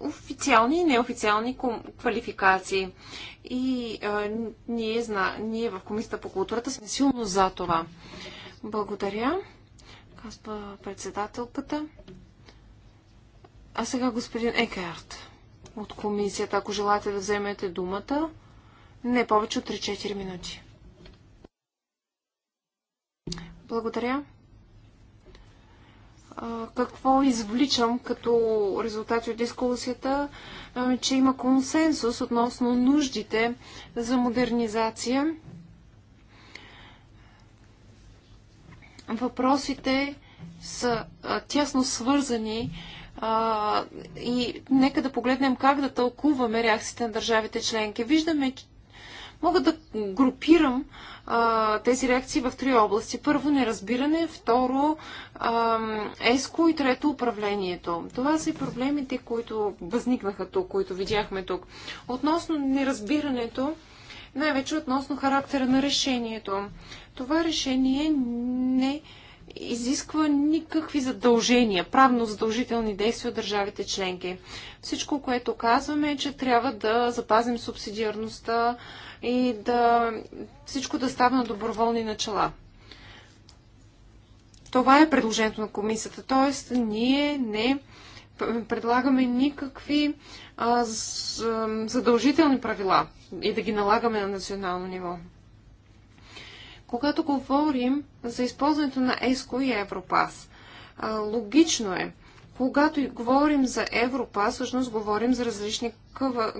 официални и неофициални квалификации. И а, ние, зна, ние в Комисията по културата сме силно за това. Благодаря, казва председателката. А сега господин Екарт от комисията, ако желаете да вземете думата, не повече от 3-4 минути. Благодаря какво извличам като резултати от дискусията, че има консенсус относно нуждите за модернизация. Въпросите са тясно свързани и нека да погледнем как да тълкуваме реакциите на държавите членки. Виждаме, Мога да групирам а, тези реакции в три области. Първо неразбиране, второ а, ЕСКО и трето управлението. Това са и проблемите, които възникнаха тук, които видяхме тук. Относно неразбирането, най-вече относно характера на решението. Това решение не изисква никакви задължения, правно задължителни действия от държавите членки. Всичко, което казваме е, че трябва да запазим субсидиарността, и да всичко да става на доброволни начала. Това е предложението на комисията, т.е. ние не предлагаме никакви а, с, а, задължителни правила и да ги налагаме на национално ниво. Когато говорим за използването на ЕСКО и Европас, а, логично е когато и говорим за Европа, всъщност говорим за различни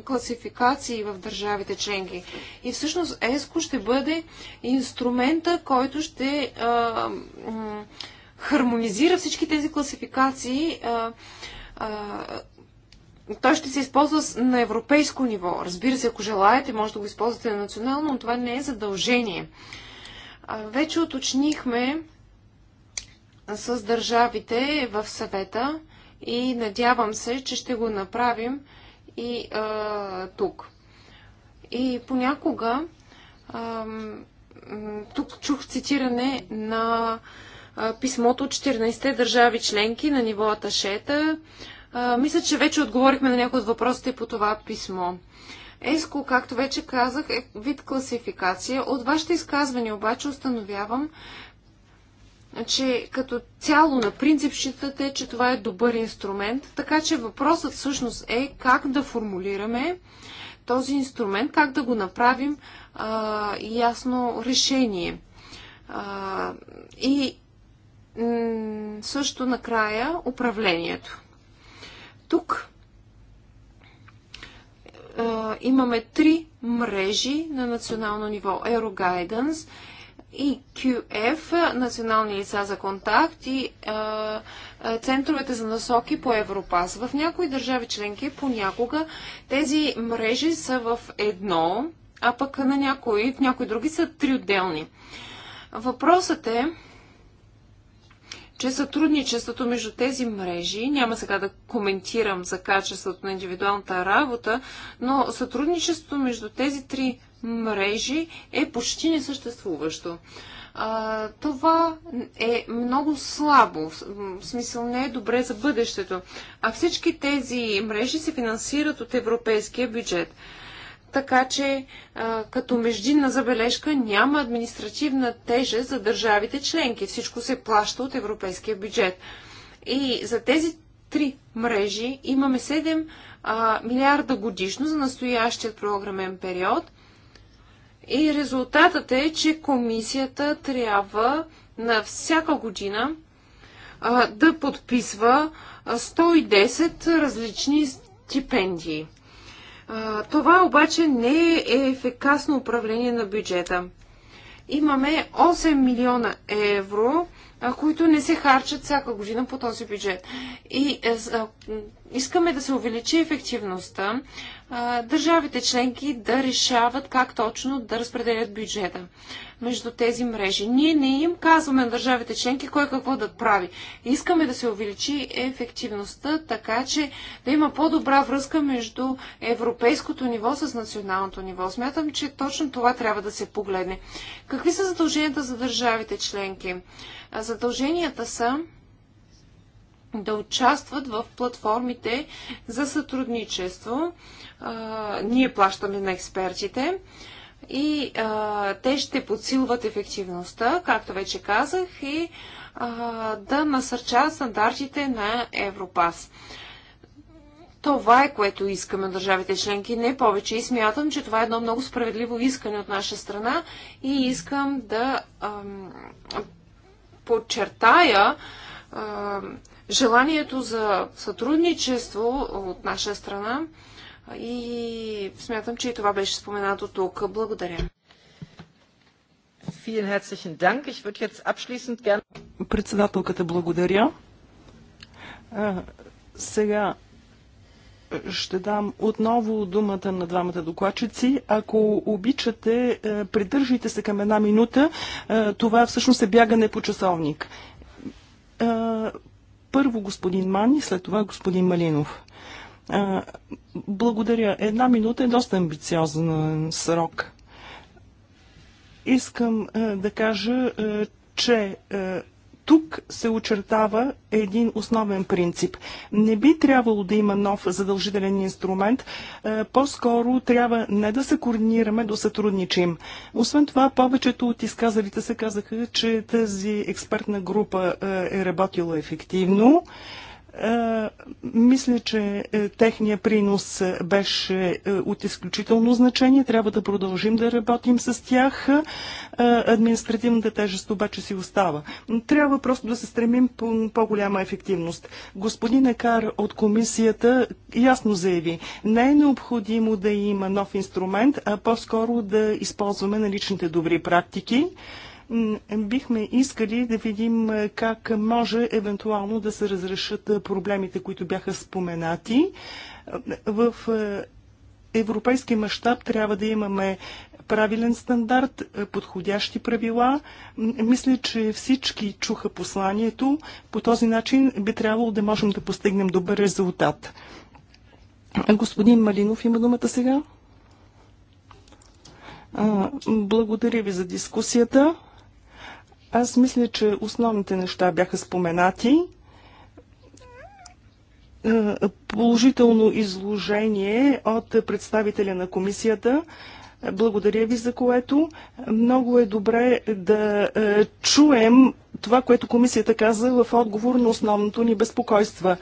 класификации в държавите членки. И всъщност ЕСКО ще бъде инструмента, който ще а, хармонизира всички тези класификации. А, а, той ще се използва на европейско ниво. Разбира се, ако желаете, може да го използвате на национално, но това не е задължение. Вече уточнихме с държавите в съвета и надявам се, че ще го направим и а, тук. И понякога а, тук чух цитиране на писмото от 14-те държави членки на ниво Аташета. А, мисля, че вече отговорихме на някои от въпросите по това писмо. ЕСКО, както вече казах, е вид класификация. От вашите изказвания обаче установявам, че значи, като цяло на принцип считате, че това е добър инструмент, така че въпросът всъщност е как да формулираме този инструмент, как да го направим а, ясно решение. А, и също накрая управлението. Тук а, имаме три мрежи на национално ниво. Aero Guidance – и QF, национални лица за контакт и а, центровете за насоки по Европас. В някои държави членки понякога тези мрежи са в едно, а пък на някои, в някои други са три отделни. Въпросът е че сътрудничеството между тези мрежи, няма сега да коментирам за качеството на индивидуалната работа, но сътрудничеството между тези три мрежи е почти несъществуващо. А, това е много слабо, в смисъл не е добре за бъдещето. А всички тези мрежи се финансират от европейския бюджет така че а, като междинна забележка няма административна тежест за държавите членки. Всичко се плаща от европейския бюджет. И за тези три мрежи имаме 7 а, милиарда годишно за настоящият програмен период. И резултатът е, че комисията трябва на всяка година а, да подписва 110 различни стипендии. Това обаче не е ефикасно управление на бюджета. Имаме 8 милиона евро, които не се харчат всяка година по този бюджет. И е, искаме да се увеличи ефективността, държавите членки да решават как точно да разпределят бюджета между тези мрежи. Ние не им казваме на държавите членки кой какво да прави. Искаме да се увеличи ефективността, така че да има по-добра връзка между европейското ниво с националното ниво. Смятам, че точно това трябва да се погледне. Какви са задълженията за държавите членки? Задълженията са да участват в платформите за сътрудничество. А, ние плащаме на експертите. А, и а, те ще подсилват ефективността, както вече казах, и а, да насърчават стандартите на Европас. Това е което искаме от държавите членки, не повече. И смятам, че това е едно много справедливо искане от наша страна и искам да а, подчертая а, желанието за сътрудничество от наша страна. И смятам, че и това беше споменато тук. Благодаря. Председателката благодаря. Сега ще дам отново думата на двамата докладчици. Ако обичате, придържайте се към една минута. Това всъщност е бягане по часовник. Първо господин Мани, след това господин Малинов. Благодаря. Една минута е доста амбициозен срок. Искам да кажа, че тук се очертава един основен принцип. Не би трябвало да има нов задължителен инструмент, по-скоро трябва не да се координираме, да сътрудничим. Освен това, повечето от изказалите се казаха, че тази експертна група е работила ефективно. Е, мисля, че е, техния принос беше е, от изключително значение. Трябва да продължим да работим с тях. Административната тежест обаче си остава. Трябва просто да се стремим по по-голяма ефективност. Господин Екар от комисията ясно заяви, не е необходимо да има нов инструмент, а по-скоро да използваме наличните добри практики бихме искали да видим как може евентуално да се разрешат проблемите, които бяха споменати. В европейски мащаб трябва да имаме правилен стандарт, подходящи правила. Мисля, че всички чуха посланието. По този начин би трябвало да можем да постигнем добър резултат. Господин Малинов има думата сега. Благодаря ви за дискусията. Аз мисля, че основните неща бяха споменати. Е, положително изложение от представителя на комисията. Благодаря ви за което. Много е добре да е, чуем това, което комисията каза в отговор на основното ни безпокойство.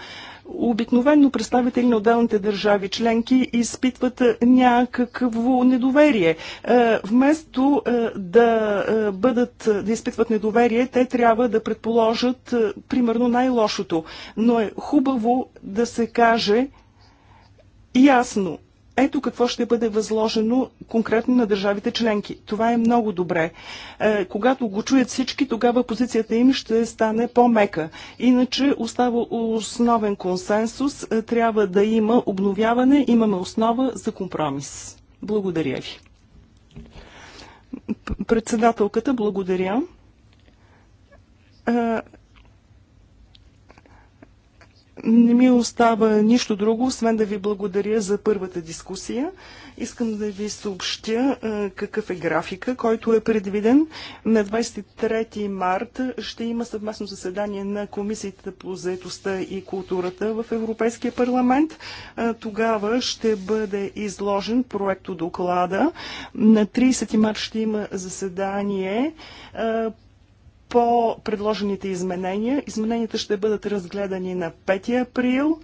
Обикновенно представители на отделните държави членки изпитват е, някакво недоверие. Е, вместо е, да бъдат, да изпитват недоверие, те трябва да предположат примерно най-лошото. Но е хубаво да се каже ясно ето какво ще бъде възложено конкретно на държавите членки. Това е много добре. Е, когато го чуят всички, тогава позицията им ще стане по-мека. Иначе остава основен консенсус. Е, трябва да има обновяване. Имаме основа за компромис. Благодаря ви. Председателката, благодаря. Е, не ми остава нищо друго, освен да ви благодаря за първата дискусия. Искам да ви съобщя какъв е графика, който е предвиден. На 23 март ще има съвместно заседание на Комисията по заетостта и културата в Европейския парламент. Тогава ще бъде изложен проекто доклада. На 30 март ще има заседание по предложените изменения. Измененията ще бъдат разгледани на 5 април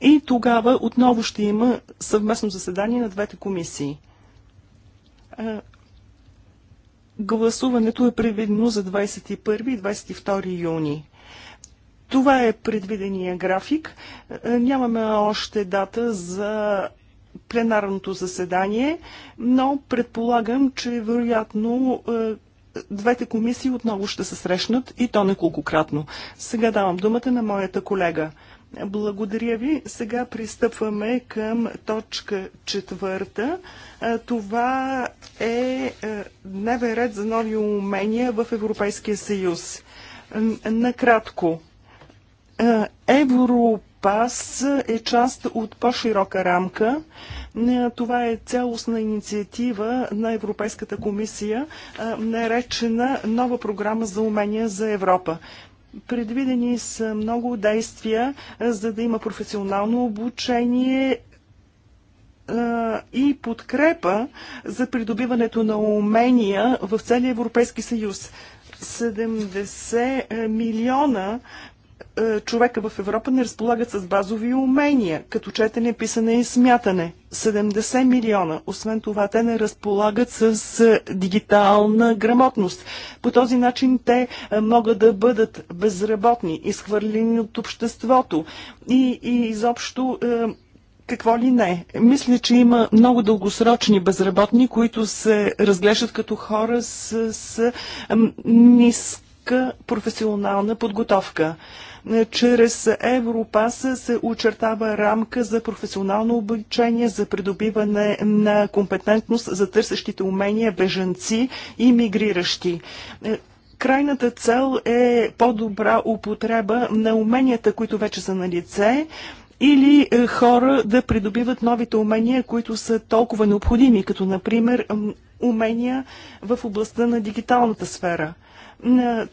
и тогава отново ще има съвместно заседание на двете комисии. Гласуването е предвидено за 21 и 22 юни. Това е предвидения график. Нямаме още дата за пленарното заседание, но предполагам, че вероятно двете комисии отново ще се срещнат и то неколкократно. Сега давам думата на моята колега. Благодаря ви. Сега пристъпваме към точка четвърта. Това е, е дневен ред за нови умения в Европейския съюз. Накратко. Европа пас е част от по-широка рамка. Е, това е цялостна инициатива на Европейската комисия, е, наречена нова програма за умения за Европа. Предвидени са много действия, е, за да има професионално обучение и подкрепа за придобиването на умения в целия Европейски съюз. 70 милиона е, човека в Европа не разполагат с базови умения, като четене, писане и смятане. 70 милиона. Освен това, те не разполагат с е, дигитална грамотност. По този начин те е, могат да бъдат безработни, изхвърлени от обществото и, и изобщо какво ли не. Мисля, че има много дългосрочни безработни, които се разглеждат като хора с, с ниска ниска професионална подготовка. Е, чрез Европас се очертава рамка за професионално обучение, за придобиване на компетентност за търсещите умения бежанци и мигриращи. Е, крайната цел е по-добра употреба на уменията, които вече са на лице, или е, хора да придобиват новите умения, които са толкова необходими, като например умения в областта на дигиталната сфера.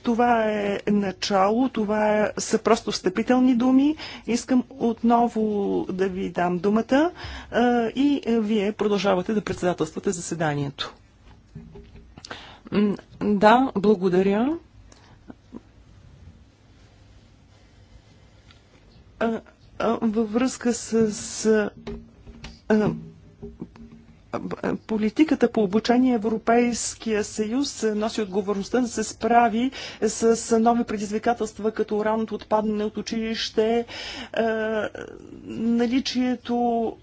Това е начало, това е, са просто встъпителни думи. Искам отново да ви дам думата и вие продължавате да председателствате заседанието. Да, благодаря. Във връзка с, Политиката по обучение Европейския съюз носи отговорността да се справи с нови предизвикателства, като ранното отпадане от училище, е, наличието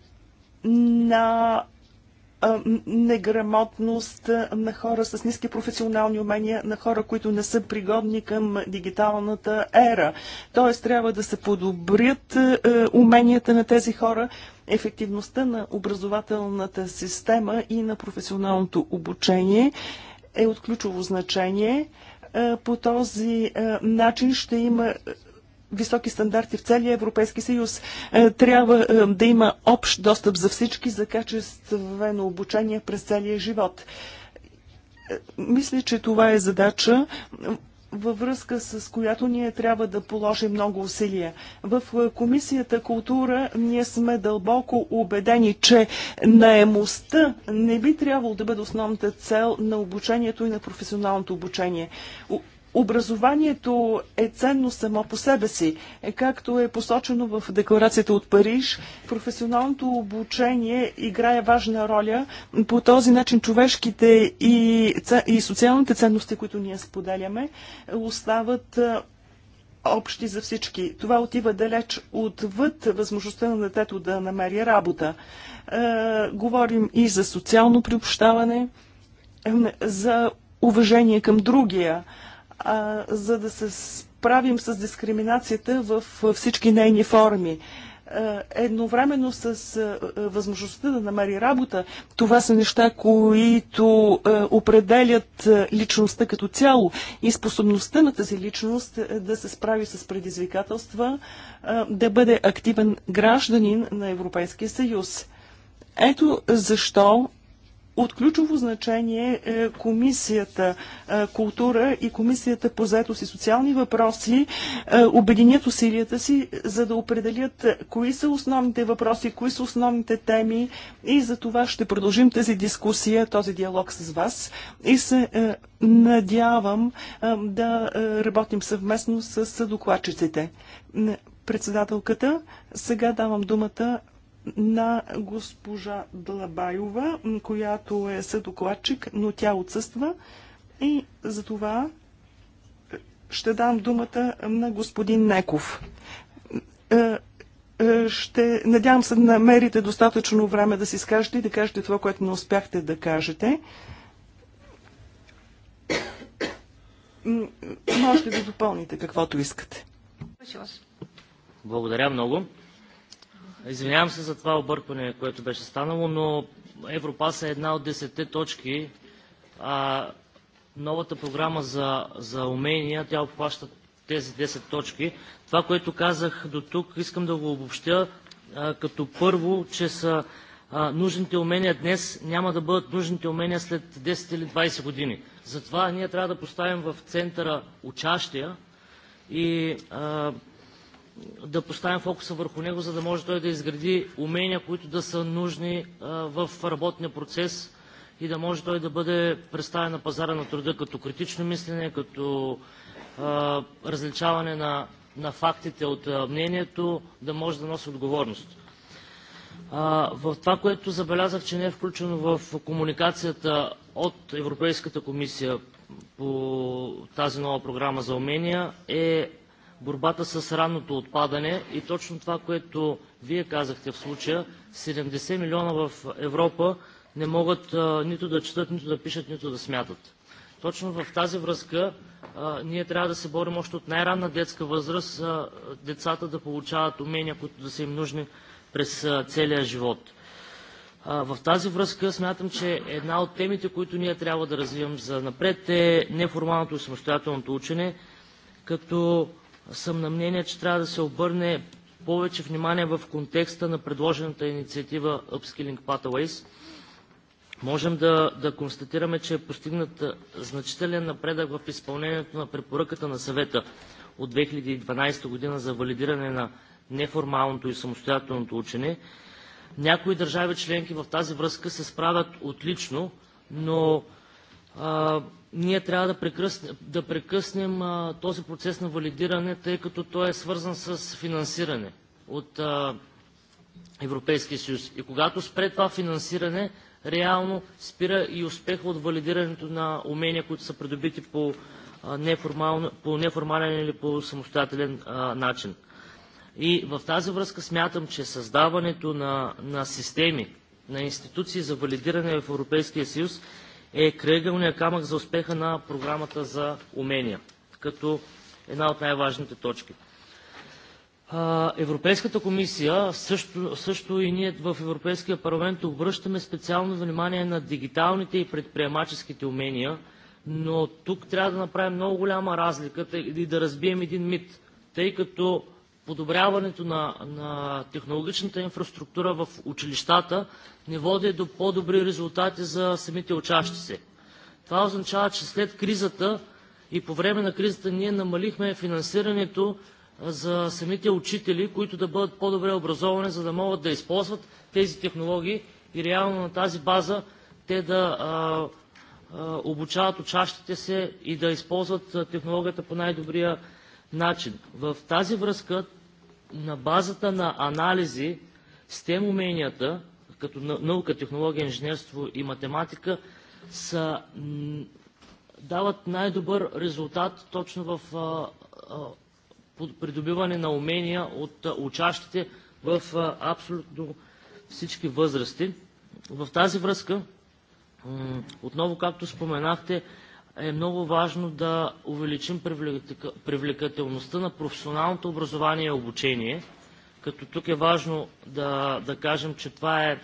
на е, неграмотност на хора с ниски професионални умения, на хора, които не са пригодни към дигиталната ера. Тоест трябва да се подобрят е, уменията на тези хора, ефективността на образователната система и на професионалното обучение е от ключово значение. Е, по този е, начин ще има е, високи стандарти в целия Европейски съюз. Трябва да има общ достъп за всички за качествено обучение през целия живот. Мисля, че това е задача, във връзка с която ние трябва да положим много усилия. В е, Комисията култура ние сме дълбоко убедени, че наемостта не би трябвало да бъде основната цел на обучението и на професионалното обучение. Образованието е ценно само по себе си. Е както е посочено в декларацията от Париж, професионалното обучение играе важна роля. По този начин човешките и, и социалните ценности, които ние споделяме, остават общи за всички. Това отива далеч отвъд възможността на детето да намери работа. Е, говорим и за социално приобщаване, е, за уважение към другия а, за да се справим с дискриминацията в всички нейни форми едновременно с възможността да намери работа. Това са неща, които определят личността като цяло и способността на тази личност да се справи с предизвикателства, да бъде активен гражданин на Европейския съюз. Ето защо от ключово значение е комисията е, култура и комисията по заетост и социални въпроси е, обединят усилията си, за да определят е, кои са основните въпроси, кои са основните теми и за това ще продължим тази дискусия, този диалог с вас и се е, надявам е, да е, работим съвместно с докладчиците. Председателката, сега давам думата на госпожа Длабаева, която е съдокладчик, но тя отсъства. И за това ще дам думата на господин Неков. Е, е, ще, надявам се да намерите достатъчно време да си скажете и да кажете това, което не успяхте да кажете. Можете да допълните каквото искате. Благодаря много. Извинявам се за това объркване, което беше станало, но Европас е една от десетте точки. А, новата програма за, за умения, тя обхваща тези 10 точки. Това, което казах до тук, искам да го обобщя а, като първо, че са а, нужните умения днес няма да бъдат нужните умения след 10 или 20 години. Затова ние трябва да поставим в центъра учащия и а, да поставим фокуса върху него, за да може той да изгради умения, които да са нужни в работния процес и да може той да бъде представен на пазара на труда като критично мислене, като различаване на, на фактите от мнението, да може да носи отговорност. В това, което забелязах, че не е включено в комуникацията от Европейската комисия по тази нова програма за умения, е борбата с ранното отпадане и точно това, което Вие казахте в случая, 70 милиона в Европа не могат нито да четат, нито да пишат, нито да смятат. Точно в тази връзка а, ние трябва да се борим още от най-ранна детска възраст а, децата да получават умения, които да са им нужни през а, целия живот. В тази връзка смятам, че една от темите, които ние трябва да развием за напред е неформалното и самостоятелното учене, като съм на мнение, че трябва да се обърне повече внимание в контекста на предложената инициатива Upskilling Pathways. Можем да, да констатираме, че е постигнат значителен напредък в изпълнението на препоръката на съвета от 2012 година за валидиране на неформалното и самостоятелното учене. Някои държави членки в тази връзка се справят отлично, но а, ние трябва да прекъснем, да прекъснем а, този процес на валидиране, тъй като той е свързан с финансиране от а, Европейския съюз. И когато спре това финансиране, реално спира и успеха от валидирането на умения, които са придобити по, а, по неформален или по самостоятелен а, начин. И в тази връзка смятам, че създаването на, на системи, на институции за валидиране в Европейския съюз е крайъгълният камък за успеха на програмата за умения, като една от най-важните точки. Европейската комисия, също, също и ние в Европейския парламент обръщаме специално внимание на дигиталните и предприемаческите умения, но тук трябва да направим много голяма разлика и да разбием един мит, тъй като подобряването на, на технологичната инфраструктура в училищата не води до по-добри резултати за самите учащи се. Това означава, че след кризата и по време на кризата ние намалихме финансирането за самите учители, които да бъдат по-добре образовани, за да могат да използват тези технологии и реално на тази база те да а, а, обучават учащите се и да използват технологията по най-добрия начин начин. В тази връзка, на базата на анализи, тем уменията, като наука, технология, инженерство и математика, са, дават най-добър резултат точно в а, а, придобиване на умения от а, учащите в а, абсолютно всички възрасти. В тази връзка, отново както споменахте, е много важно да увеличим привлекателността на професионалното образование и обучение, като тук е важно да, да кажем, че това е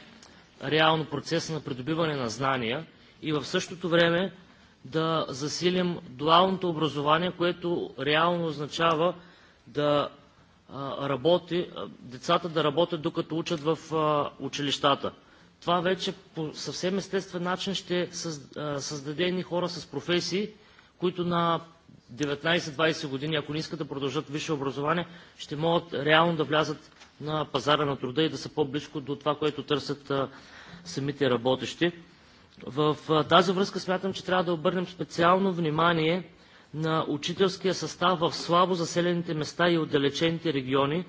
реално процес на придобиване на знания и в същото време да засилим дуалното образование, което реално означава да работи, децата да работят докато учат в училищата. Това вече по съвсем естествен начин ще създаде едни хора с професии, които на 19-20 години, ако не искат да продължат висше образование, ще могат реално да влязат на пазара на труда и да са по-близко до това, което търсят самите работещи. В тази връзка смятам, че трябва да обърнем специално внимание на учителския състав в слабо заселените места и отдалечените региони,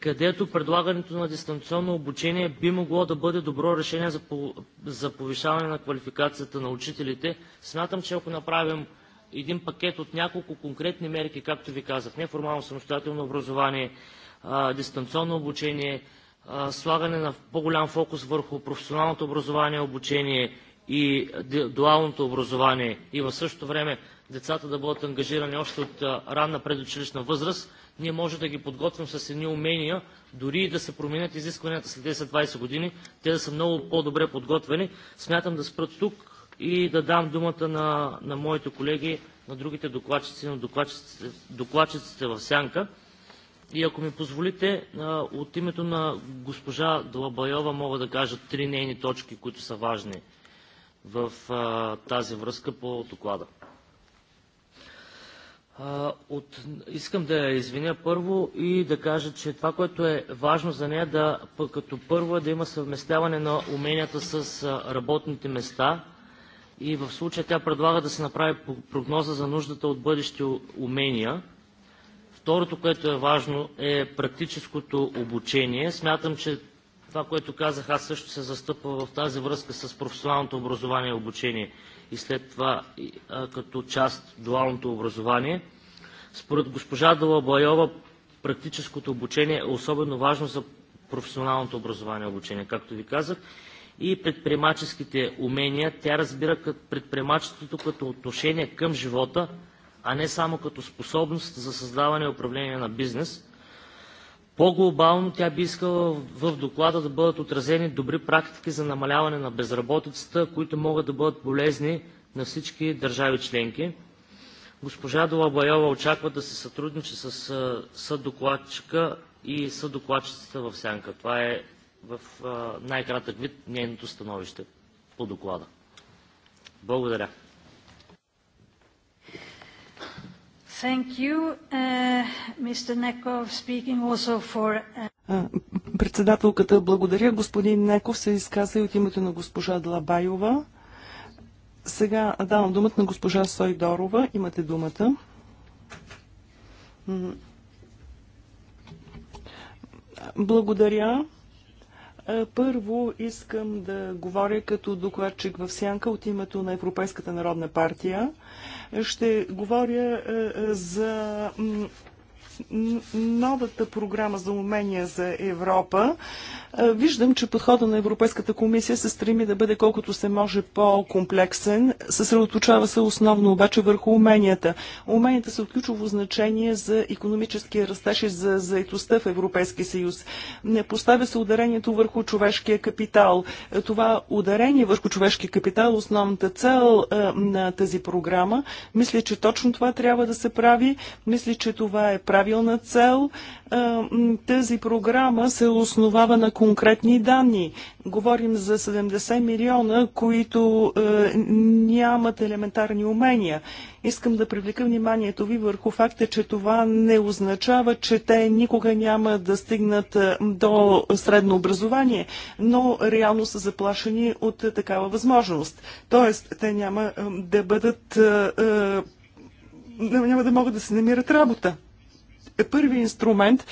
където предлагането на дистанционно обучение би могло да бъде добро решение за, по, за повишаване на квалификацията на учителите. Смятам, че ако направим един пакет от няколко конкретни мерки, както ви казах, неформално самостоятелно образование, а, дистанционно обучение, а, слагане на по-голям фокус върху професионалното образование, обучение и дуалното образование и в същото време децата да бъдат ангажирани още от ранна предучилищна възраст, ние може да ги подготвим с едни умения, дори и да се променят изискванията след 10-20 години, те да са много по-добре подготвени. Смятам да спрат тук и да дам думата на, на моите колеги, на другите докладчици, на докладчиците, докладчиците в Сянка. И ако ми позволите, от името на госпожа Длабайова мога да кажа три нейни точки, които са важни в тази връзка по доклада от... Искам да я извиня първо и да кажа, че това, което е важно за нея, да, като първо е да има съвместяване на уменията с работните места и в случая тя предлага да се направи прогноза за нуждата от бъдещи умения. Второто, което е важно, е практическото обучение. Смятам, че това, което казах, аз също се застъпва в тази връзка с професионалното образование и обучение и след това като част дуалното образование. Според госпожа Долабайова, практическото обучение е особено важно за професионалното образование обучение, както ви казах, и предприемаческите умения. Тя разбира предприемачеството като отношение към живота, а не само като способност за създаване и управление на бизнес – по-глобално тя би искала в доклада да бъдат отразени добри практики за намаляване на безработицата, които могат да бъдат полезни на всички държави членки. Госпожа Долабайова очаква да се сътрудничи с съдокладчика и съдокладчицата в сянка. Това е в най-кратък вид нейното становище по доклада. Благодаря. Uh, uh, председателката благодаря. Господин Неков се изказа и от името на госпожа Длабайова. Сега давам думата на госпожа Сойдорова. Имате думата. Благодаря. Първо искам да говоря като докладчик в Сянка от името на Европейската народна партия. Ще говоря за новата програма за умения за Европа, виждам, че подхода на Европейската комисия се стреми да бъде колкото се може по-комплексен. Съсредоточава се основно обаче върху уменията. Уменията са от ключово значение за економическия растеж и за заетостта в Европейския съюз. Не поставя се ударението върху човешкия капитал. Това ударение върху човешкия капитал е основната цел на тази програма. Мисля, че точно това трябва да се прави. Мисля, че това е прави правилна цел. Тази програма се основава на конкретни данни. Говорим за 70 милиона, които нямат елементарни умения. Искам да привлека вниманието ви върху факта, че това не означава, че те никога няма да стигнат до средно образование, но реално са заплашени от такава възможност. Тоест, те няма да бъдат няма да могат да се намират работа. Първият инструмент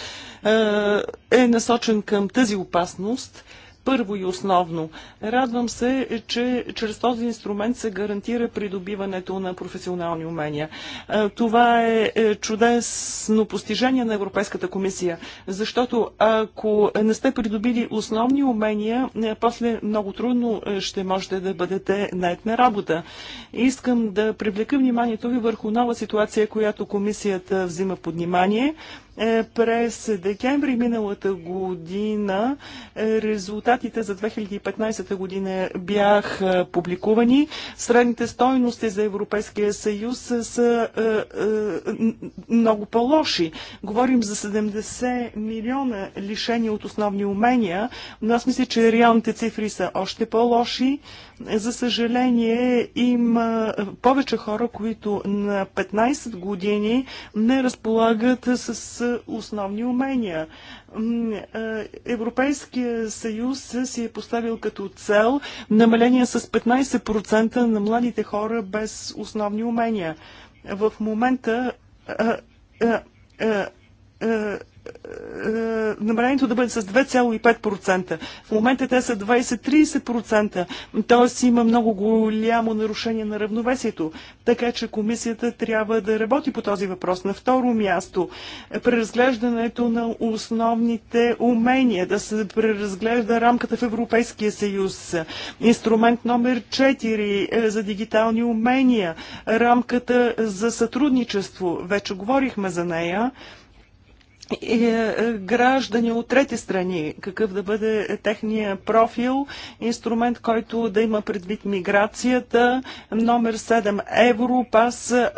е, е насочен към тази опасност – първо и основно. Радвам се, че чрез този инструмент се гарантира придобиването на професионални умения. Е, това е, е чудесно постижение на Европейската комисия, защото ако не сте придобили основни умения, е, после много трудно ще можете да бъдете наед на работа. Искам да привлека вниманието ви върху нова ситуация, която комисията взима под внимание – е, през декември миналата година е, резултатите за 2015 година бяха е, публикувани. Средните стойности за Европейския съюз са много по-лоши. Говорим за 70 милиона лишени от основни умения, но аз мисля, че реалните цифри са още по-лоши. За съжаление, има повече хора, които на 15 години не разполагат с основни умения. Европейския съюз си е поставил като цел намаление с 15% на младите хора без основни умения. В момента е, намерението да бъде с 2,5%. В момента те са 20-30%. Тоест има много голямо нарушение на равновесието. Така че комисията трябва да работи по този въпрос. На второ място, преразглеждането на основните умения, да се преразглежда рамката в Европейския съюз, инструмент номер 4 е, за дигитални умения, рамката за сътрудничество. Вече говорихме за нея и е, граждани от трети страни, какъв да бъде техния профил, инструмент, който да има предвид миграцията, номер 7 Европас, е,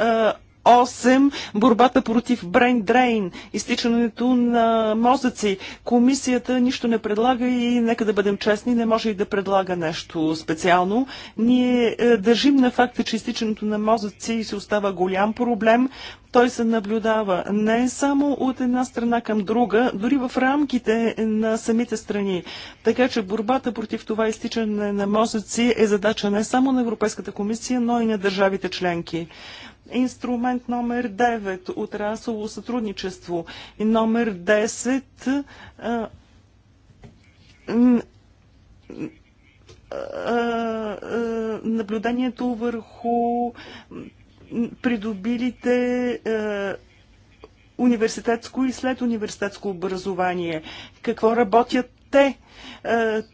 8. Борбата против брейн дрейн, изтичането на мозъци. Комисията нищо не предлага и нека да бъдем честни, не може и да предлага нещо специално. Ние е, държим на факта, че изтичането на мозъци се остава голям проблем. Той се наблюдава не само от една страна към друга, дори в рамките на самите страни. Така че борбата против това изтичане на мозъци е задача не само на Европейската комисия, но и на държавите членки. Инструмент номер 9 расово сътрудничество и номер 10 а, наблюдението върху придобилите университетско и след университетско образование. Какво работят те?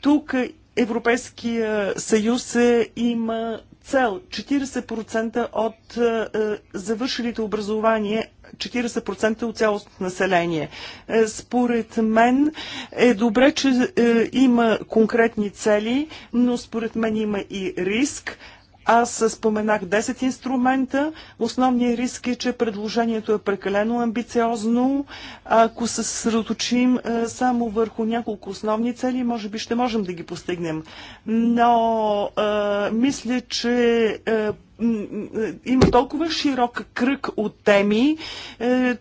Тук Европейския съюз е, има цел 40% от е, е, завършилите образование 40% от цялостното население. Е, според мен е добре, че има конкретни цели, но според мен има и риск. Аз споменах 10 инструмента. Основният риск е, че предложението е прекалено амбициозно. Ако се съсредоточим е, само върху няколко основни цели, може би ще можем да ги постигнем. Но а, е, мисля, че а, е, има толкова широк кръг от теми,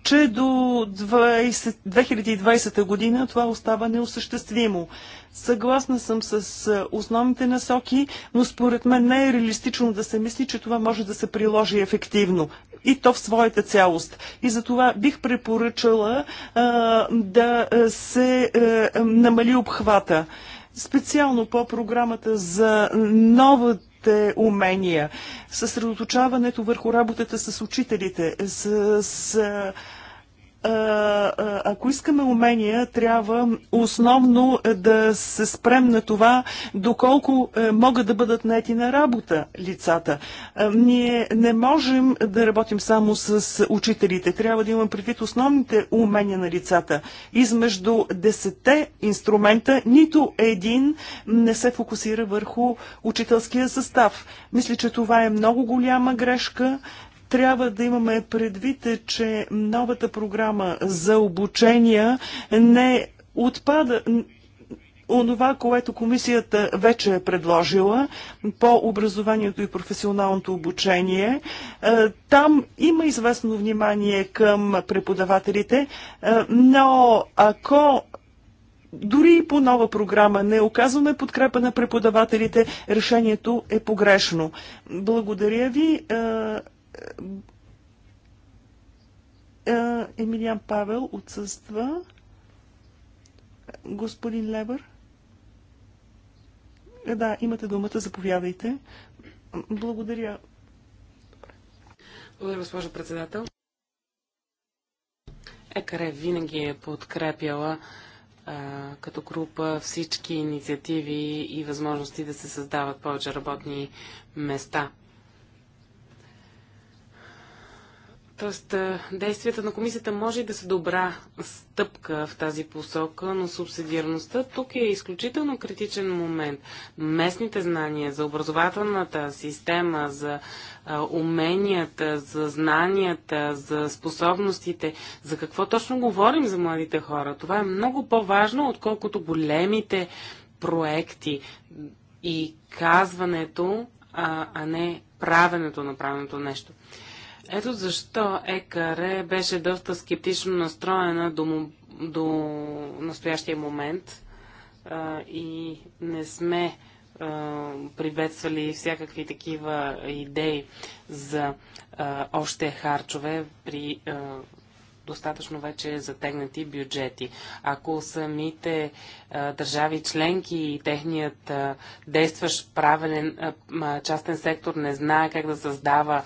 че до 20, 2020 година това остава неосъществимо. Съгласна съм с основните насоки, но според мен не е реалистично да се мисли, че това може да се приложи ефективно и то в своята цялост. И за това бих препоръчала а, да се а, намали обхвата. Специално по програмата за новите умения, съсредоточаването върху работата с учителите, с, с е, е, ако искаме умения, трябва основно е, да се спрем на това, доколко могат да бъдат наети на работа лицата. Ние не можем да работим само с учителите. Трябва да имаме предвид основните умения на лицата. Измежду десете инструмента нито един не се фокусира върху учителския състав. Мисля, че това е много голяма грешка трябва да имаме предвид, че новата програма за обучения не отпада, онова, което комисията вече е предложила по образованието и професионалното обучение. Е, там има известно внимание към преподавателите, е, но ако дори и по нова програма не оказваме подкрепа на преподавателите, решението е погрешно. Благодаря ви. Е, е, Емилиан Павел отсъства. Господин Лебър? Да, имате думата, заповядайте. Благодаря. Благодаря, госпожо председател. Екаре, винаги е подкрепяла а, като група всички инициативи и възможности да се създават повече работни места. Тоест, действията на комисията може да са добра стъпка в тази посока, но субсидиарността тук е изключително критичен момент. Местните знания за образователната система, за а, уменията, за знанията, за способностите, за какво точно говорим за младите хора, това е много по-важно, отколкото големите проекти и казването, а, а не правенето на правеното нещо. Ето защо ЕКАРЕ беше доста скептично настроена до, до настоящия момент а, и не сме а, приветствали всякакви такива идеи за а, още харчове при а, достатъчно вече затегнати бюджети. Ако самите а, държави членки и техният а, действащ правилен а, частен сектор не знае как да създава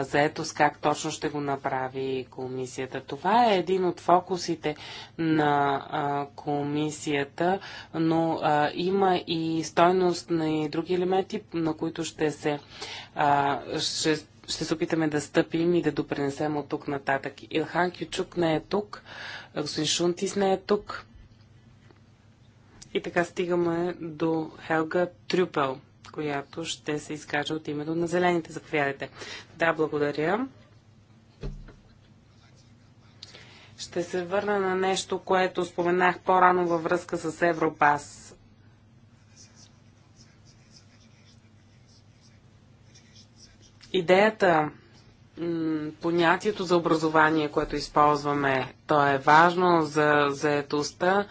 заетост, как точно ще го направи комисията. Това е един от фокусите на комисията, но има и стойност на и други елементи, на които ще се ще ще се опитаме да стъпим и да допренесем от тук нататък. Илхан Кючук не е тук, господин Шунтис не е тук. И така стигаме до Хелга Трюпел, която ще се изкаже от името на Зелените. Заповядайте. Да, благодаря. Ще се върна на нещо, което споменах по-рано във връзка с Европас идеята, понятието за образование, което използваме, то е важно за заетостта,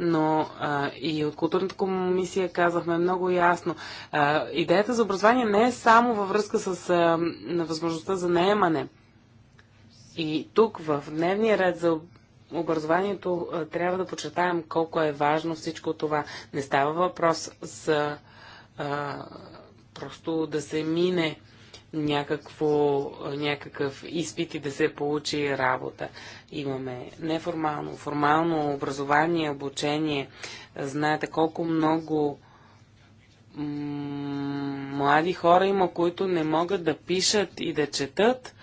но а, и от културната комисия казахме много ясно. А, идеята за образование не е само във връзка с а, възможността за наемане. И тук в дневния ред за образованието а, трябва да почетаем колко е важно всичко това. Не става въпрос за а, просто да се мине някакво, някакъв изпит и да се получи работа. Имаме неформално, формално образование, обучение. Знаете колко много млади хора има, които не могат да пишат и да четат,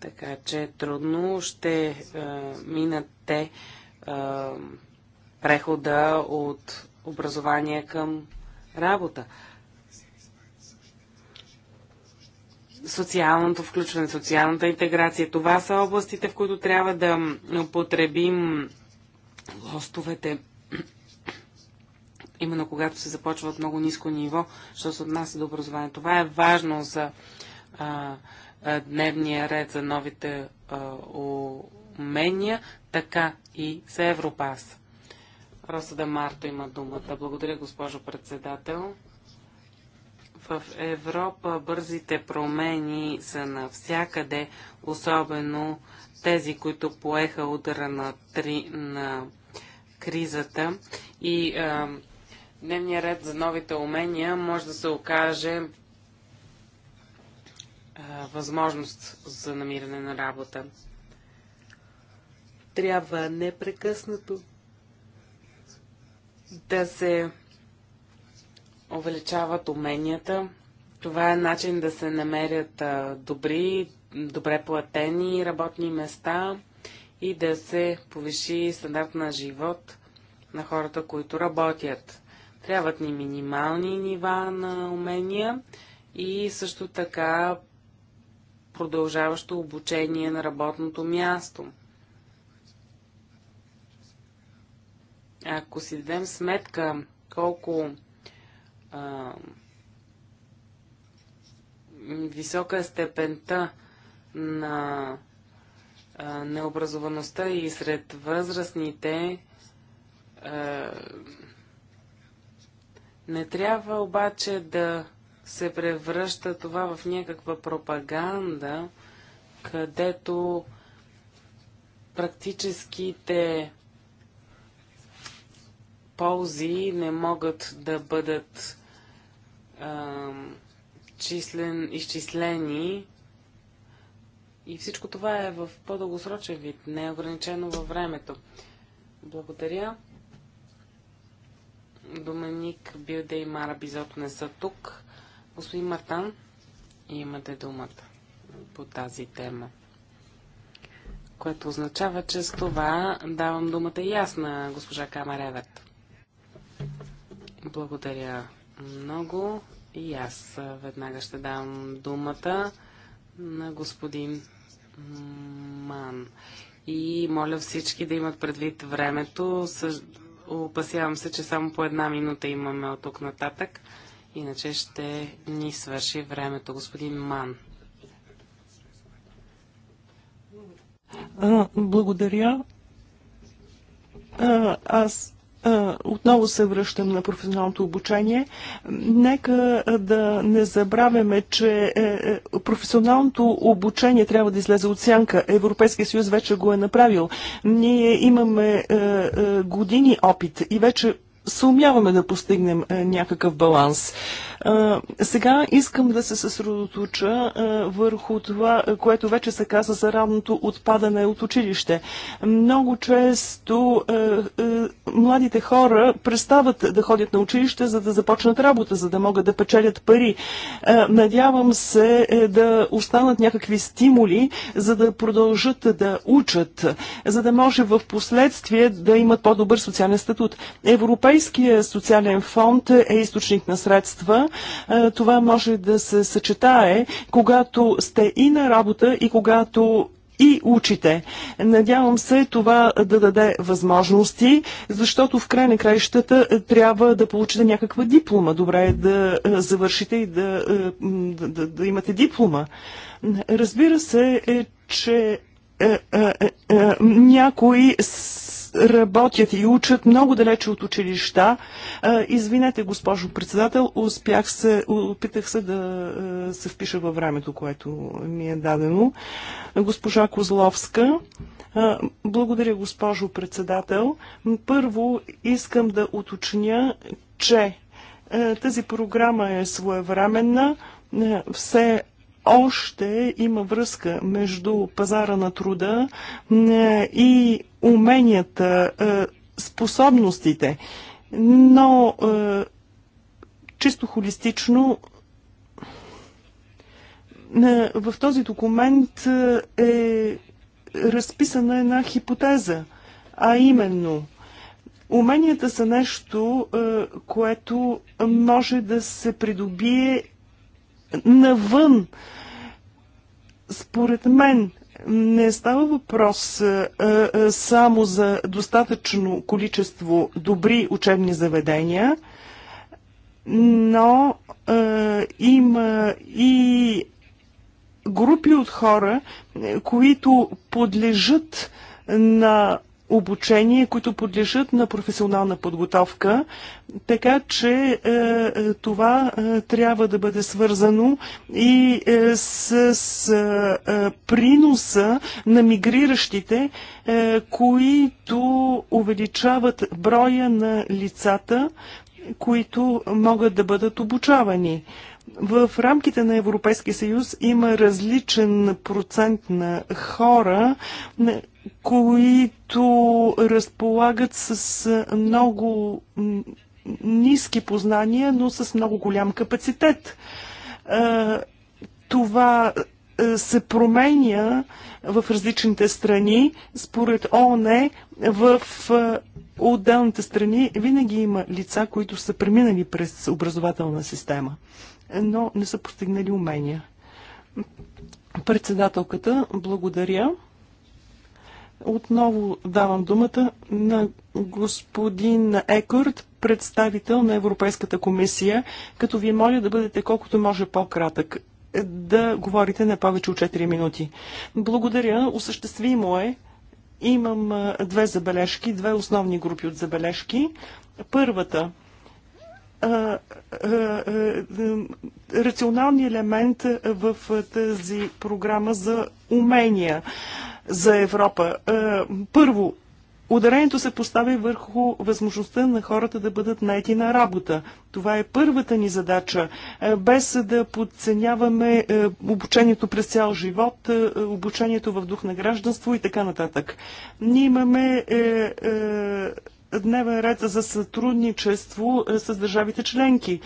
така че трудно ще е, минат те е, прехода от образование към работа. социалното включване, социалната интеграция. Това са областите, в които трябва да употребим лостовете, именно когато се започва от много ниско ниво, що се отнася до образование. Това е важно за а, дневния ред за новите а, умения, така и за Европас. Роса Марто има думата. Благодаря, госпожо председател. В Европа бързите промени са навсякъде, особено тези, които поеха удара на, три, на кризата и а, дневният ред за новите умения може да се окаже а, възможност за намиране на работа. Трябва непрекъснато да се увеличават уменията. Това е начин да се намерят добри, добре платени работни места и да се повиши стандарт на живот на хората, които работят. Трябват ни минимални нива на умения и също така продължаващо обучение на работното място. Ако си дадем сметка колко висока е степента на а, необразоваността и сред възрастните а, не трябва обаче да се превръща това в някаква пропаганда, където практическите ползи не могат да бъдат числен, изчислени. И всичко това е в по-дългосрочен вид, не е ограничено във времето. Благодаря. Доменик Билде и Мара Бизот не са тук. Господин Мартан, имате думата по тази тема. Което означава, че с това давам думата и аз на госпожа Камаревет. Благодаря, много. И аз веднага ще дам думата на господин Ман. И моля всички да имат предвид времето. Опасявам се, че само по една минута имаме от тук нататък. Иначе ще ни свърши времето, господин Ман. Благодаря. Аз е, отново се връщам на професионалното обучение. Нека е, да не забравяме, че е, професионалното обучение трябва да излезе от сянка. Европейския съюз вече го е направил. Ние имаме години опит и вече съумяваме да постигнем някакъв баланс. Сега искам да се съсредоточа върху това, което вече се каза за равното отпадане от училище. Много често младите хора престават да ходят на училище, за да започнат работа, за да могат да печелят пари. Надявам се е, да останат някакви стимули, за да продължат да учат, за да може в последствие да имат по-добър социален статут. Европейския социален фонд е източник на средства, е, това може да се съчетае, когато сте и на работа и когато и учите. Надявам се това да даде възможности, защото в край на краищата трябва да получите някаква диплома. Добре е да е, завършите и да, е, да, да, да имате диплома. Разбира се, е, че е, е, някои работят и учат много далече от училища. Извинете, госпожо председател, успях се, опитах се да се впиша във времето, което ми е дадено. Госпожа Козловска, благодаря, госпожо председател. Първо искам да уточня, че тази програма е своевременна все още има връзка между пазара на труда е, и уменията, е, способностите, но е, чисто холистично в този документ е разписана една хипотеза, а именно уменията са нещо, което може да се придобие навън. Според мен не става въпрос а, а, само за достатъчно количество добри учебни заведения, но а, има и групи от хора, които подлежат на обучение, които подлежат на професионална подготовка, така че е, е, това е, трябва да бъде свързано и е, с, с е, приноса на мигриращите, е, които увеличават броя на лицата, които могат да бъдат обучавани. В рамките на Европейския съюз има различен процент на хора, които разполагат с много ниски познания, но с много голям капацитет. Това се променя в различните страни. Според ООН в отделните страни винаги има лица, които са преминали през образователна система, но не са постигнали умения. Председателката, благодаря. Отново давам думата на господин Екърт, представител на Европейската комисия, като ви моля да бъдете колкото може по-кратък да говорите на повече от 4 минути. Благодаря, осъществимо е. Имам две забележки, две основни групи от забележки. Първата рационални елемент в тази програма за умения за Европа. Е, първо, Ударението се постави върху възможността на хората да бъдат найти на работа. Това е първата ни задача, е, без да подценяваме е, обучението през цял живот, обучението в дух на гражданство и така нататък. Ние имаме дневен ред за сътрудничество с държавите членки.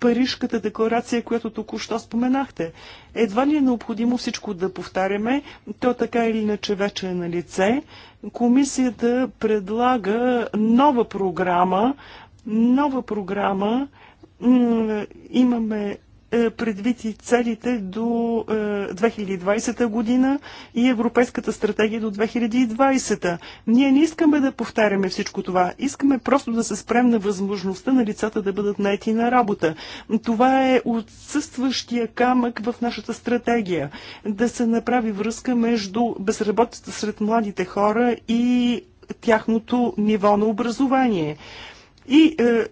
Парижката декларация, която току-що споменахте. Едва ли е необходимо всичко да повтаряме, то така или иначе вече е на лице. Комисията предлага нова програма, нова програма, имаме е, предвид и целите до 2020 е, година и Европейската стратегия до 2020. Ние не искаме да повтаряме всичко това. Искаме просто да се спрем на възможността на лицата да бъдат найти на работа. Това е отсъстващия камък в нашата стратегия. Да се направи връзка между безработицата сред младите хора и тяхното ниво на образование. И е,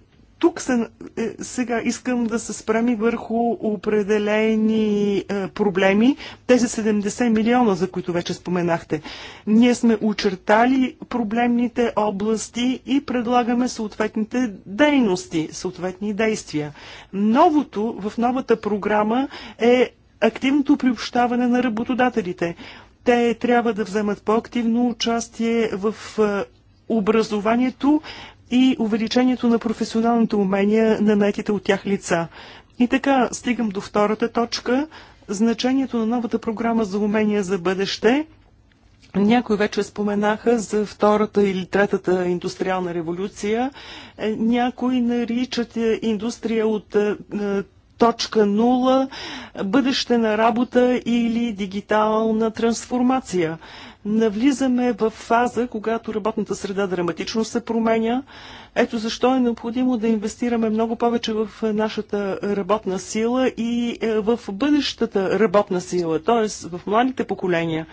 тук се, е, сега искам да се спрами върху определени е, проблеми, тези 70 милиона, за които вече споменахте. Ние сме очертали проблемните области и предлагаме съответните дейности, съответни действия. Новото в новата програма е активното приобщаване на работодателите. Те трябва да вземат по-активно участие в е, образованието, и увеличението на професионалните умения на наетите от тях лица. И така стигам до втората точка значението на новата програма за умения за бъдеще. Някои вече споменаха за втората или третата индустриална революция. Е, някои наричат е, индустрия от е, точка 0, бъдеще на работа или дигитална трансформация навлизаме в фаза, когато работната среда драматично се променя. Ето защо е необходимо да инвестираме много повече в нашата работна сила и е, в бъдещата работна сила, т.е. в младите поколения.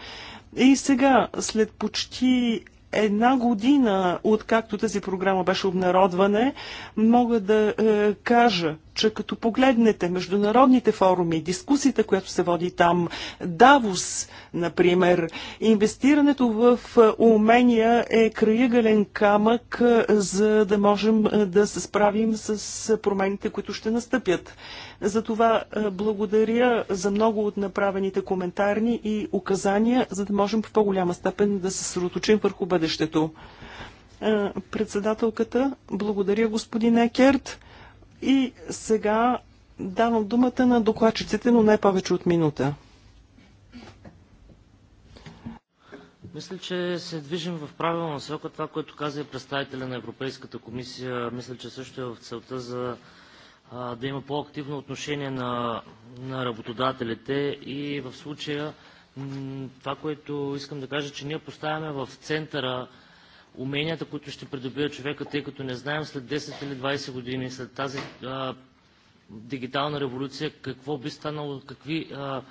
И сега, след почти една година, откакто тази програма беше обнародване, мога да е, кажа, че като погледнете международните форуми, дискусията, която се води там, Давос, например, инвестирането в е, умения е краигален камък, е, за да можем е, да се справим с промените, които ще настъпят. Затова благодаря за много от направените коментарни и указания, за да можем в по-голяма степен да се съсредоточим върху бъдещето. Председателката, благодаря господин Екерт. И сега давам думата на докладчиците, но не повече от минута. Мисля, че се движим в правилна насока. Това, което каза и представителя на Европейската комисия, мисля, че също е в целта за а, да има по-активно отношение на, на работодателите. И в случая това, което искам да кажа, че ние поставяме в центъра уменията, които ще придобива човека, тъй като не знаем след 10 или 20 години, след тази а, дигитална революция, какво би станало, какви а,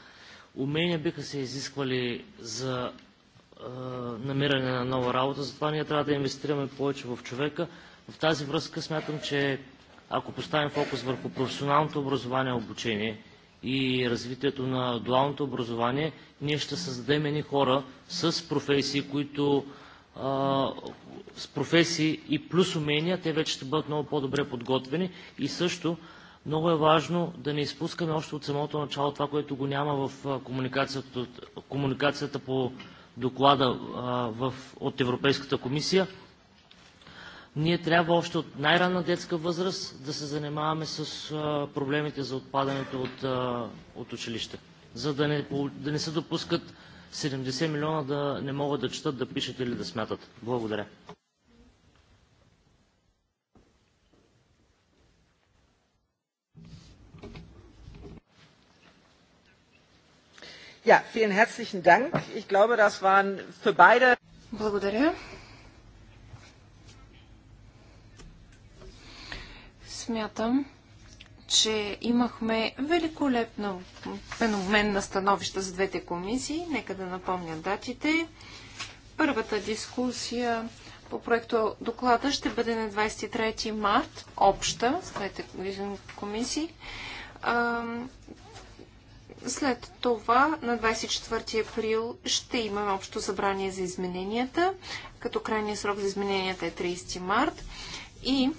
умения биха се изисквали за а, намиране на нова работа. Затова ние трябва да инвестираме повече в човека. В тази връзка смятам, че ако поставим фокус върху професионалното образование, обучение и развитието на дуалното образование, ние ще създадем едни хора с професии, които с професии и плюс умения, те вече ще бъдат много по-добре подготвени и също много е важно да не изпускаме още от самото начало това, което го няма в комуникацията, комуникацията по доклада а, в, от Европейската комисия. Ние трябва още от най-ранна детска възраст да се занимаваме с а, проблемите за отпадането от, а, от училище, за да не, да не се допускат 70 милиона да не могат да четат, да пишат или да смятат. Благодаря. Ja, vielen herzlichen Dank. Ich glaube, das waren für beide. Благодаря. Смятам, че имахме великолепно феномен на становища за двете комисии. Нека да напомня датите. Първата дискусия по проекто доклада ще бъде на 23 март, обща, с двете комисии. След това на 24 април ще имаме общо събрание за измененията, като крайният срок за измененията е 30 март. И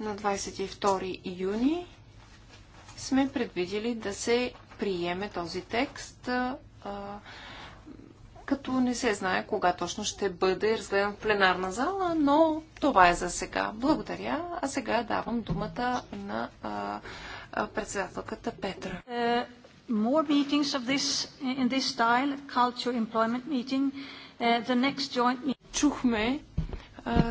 на 22 юни сме предвидели да се приеме този текст, като не се знае кога точно ще бъде разгледан в пленарна зала, но това е за сега. Благодаря. А сега давам думата на председателката Петра. Е, more meetings of this, in this style, culture employment meeting, е, the next joint meeting. Чухме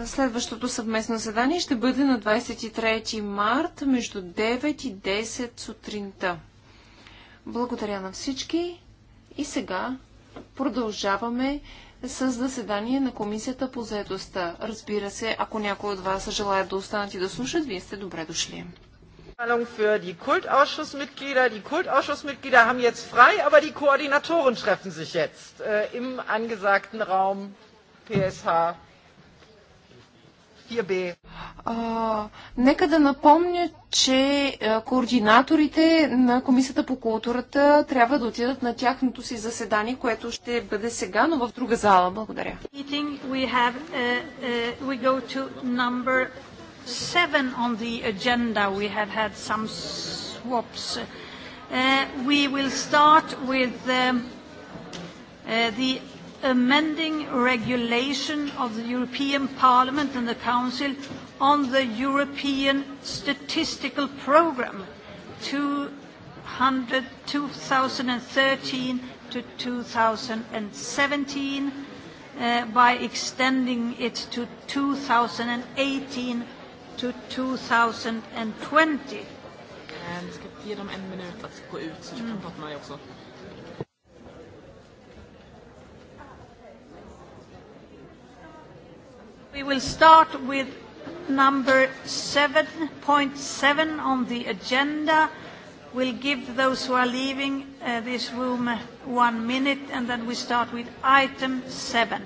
Следващото съвместно задание ще бъде на 23 март между 9 и 10 сутринта. Благодаря на всички и сега продължаваме с заседание на Комисията по заедостта. Разбира се, ако някой от вас желая да останат и да слушат, вие сте добре дошли. Für die Kultausschussmitglieder. Die Kultausschussmitglieder haben jetzt frei, aber die Koordinatoren treffen sich jetzt äh, im angesagten Raum PSH а, нека да напомня, че координаторите на Комисията по културата трябва да отидат на тяхното си заседание, което ще бъде сега, но в друга зала. Благодаря. Uh, uh, seven on the agenda, we have had some swaps. Uh, we will start with um, uh, the amending regulation of the European Parliament and the Council on the European Statistical Programme 2013 to 2017 uh, by extending it to 2018 to 2020. Det ska ge dem en minut att gå ut så du kan prata med We will start with number 7.7 on the agenda. We'll give those who are leaving uh, this room one minute, and then we start with item 7.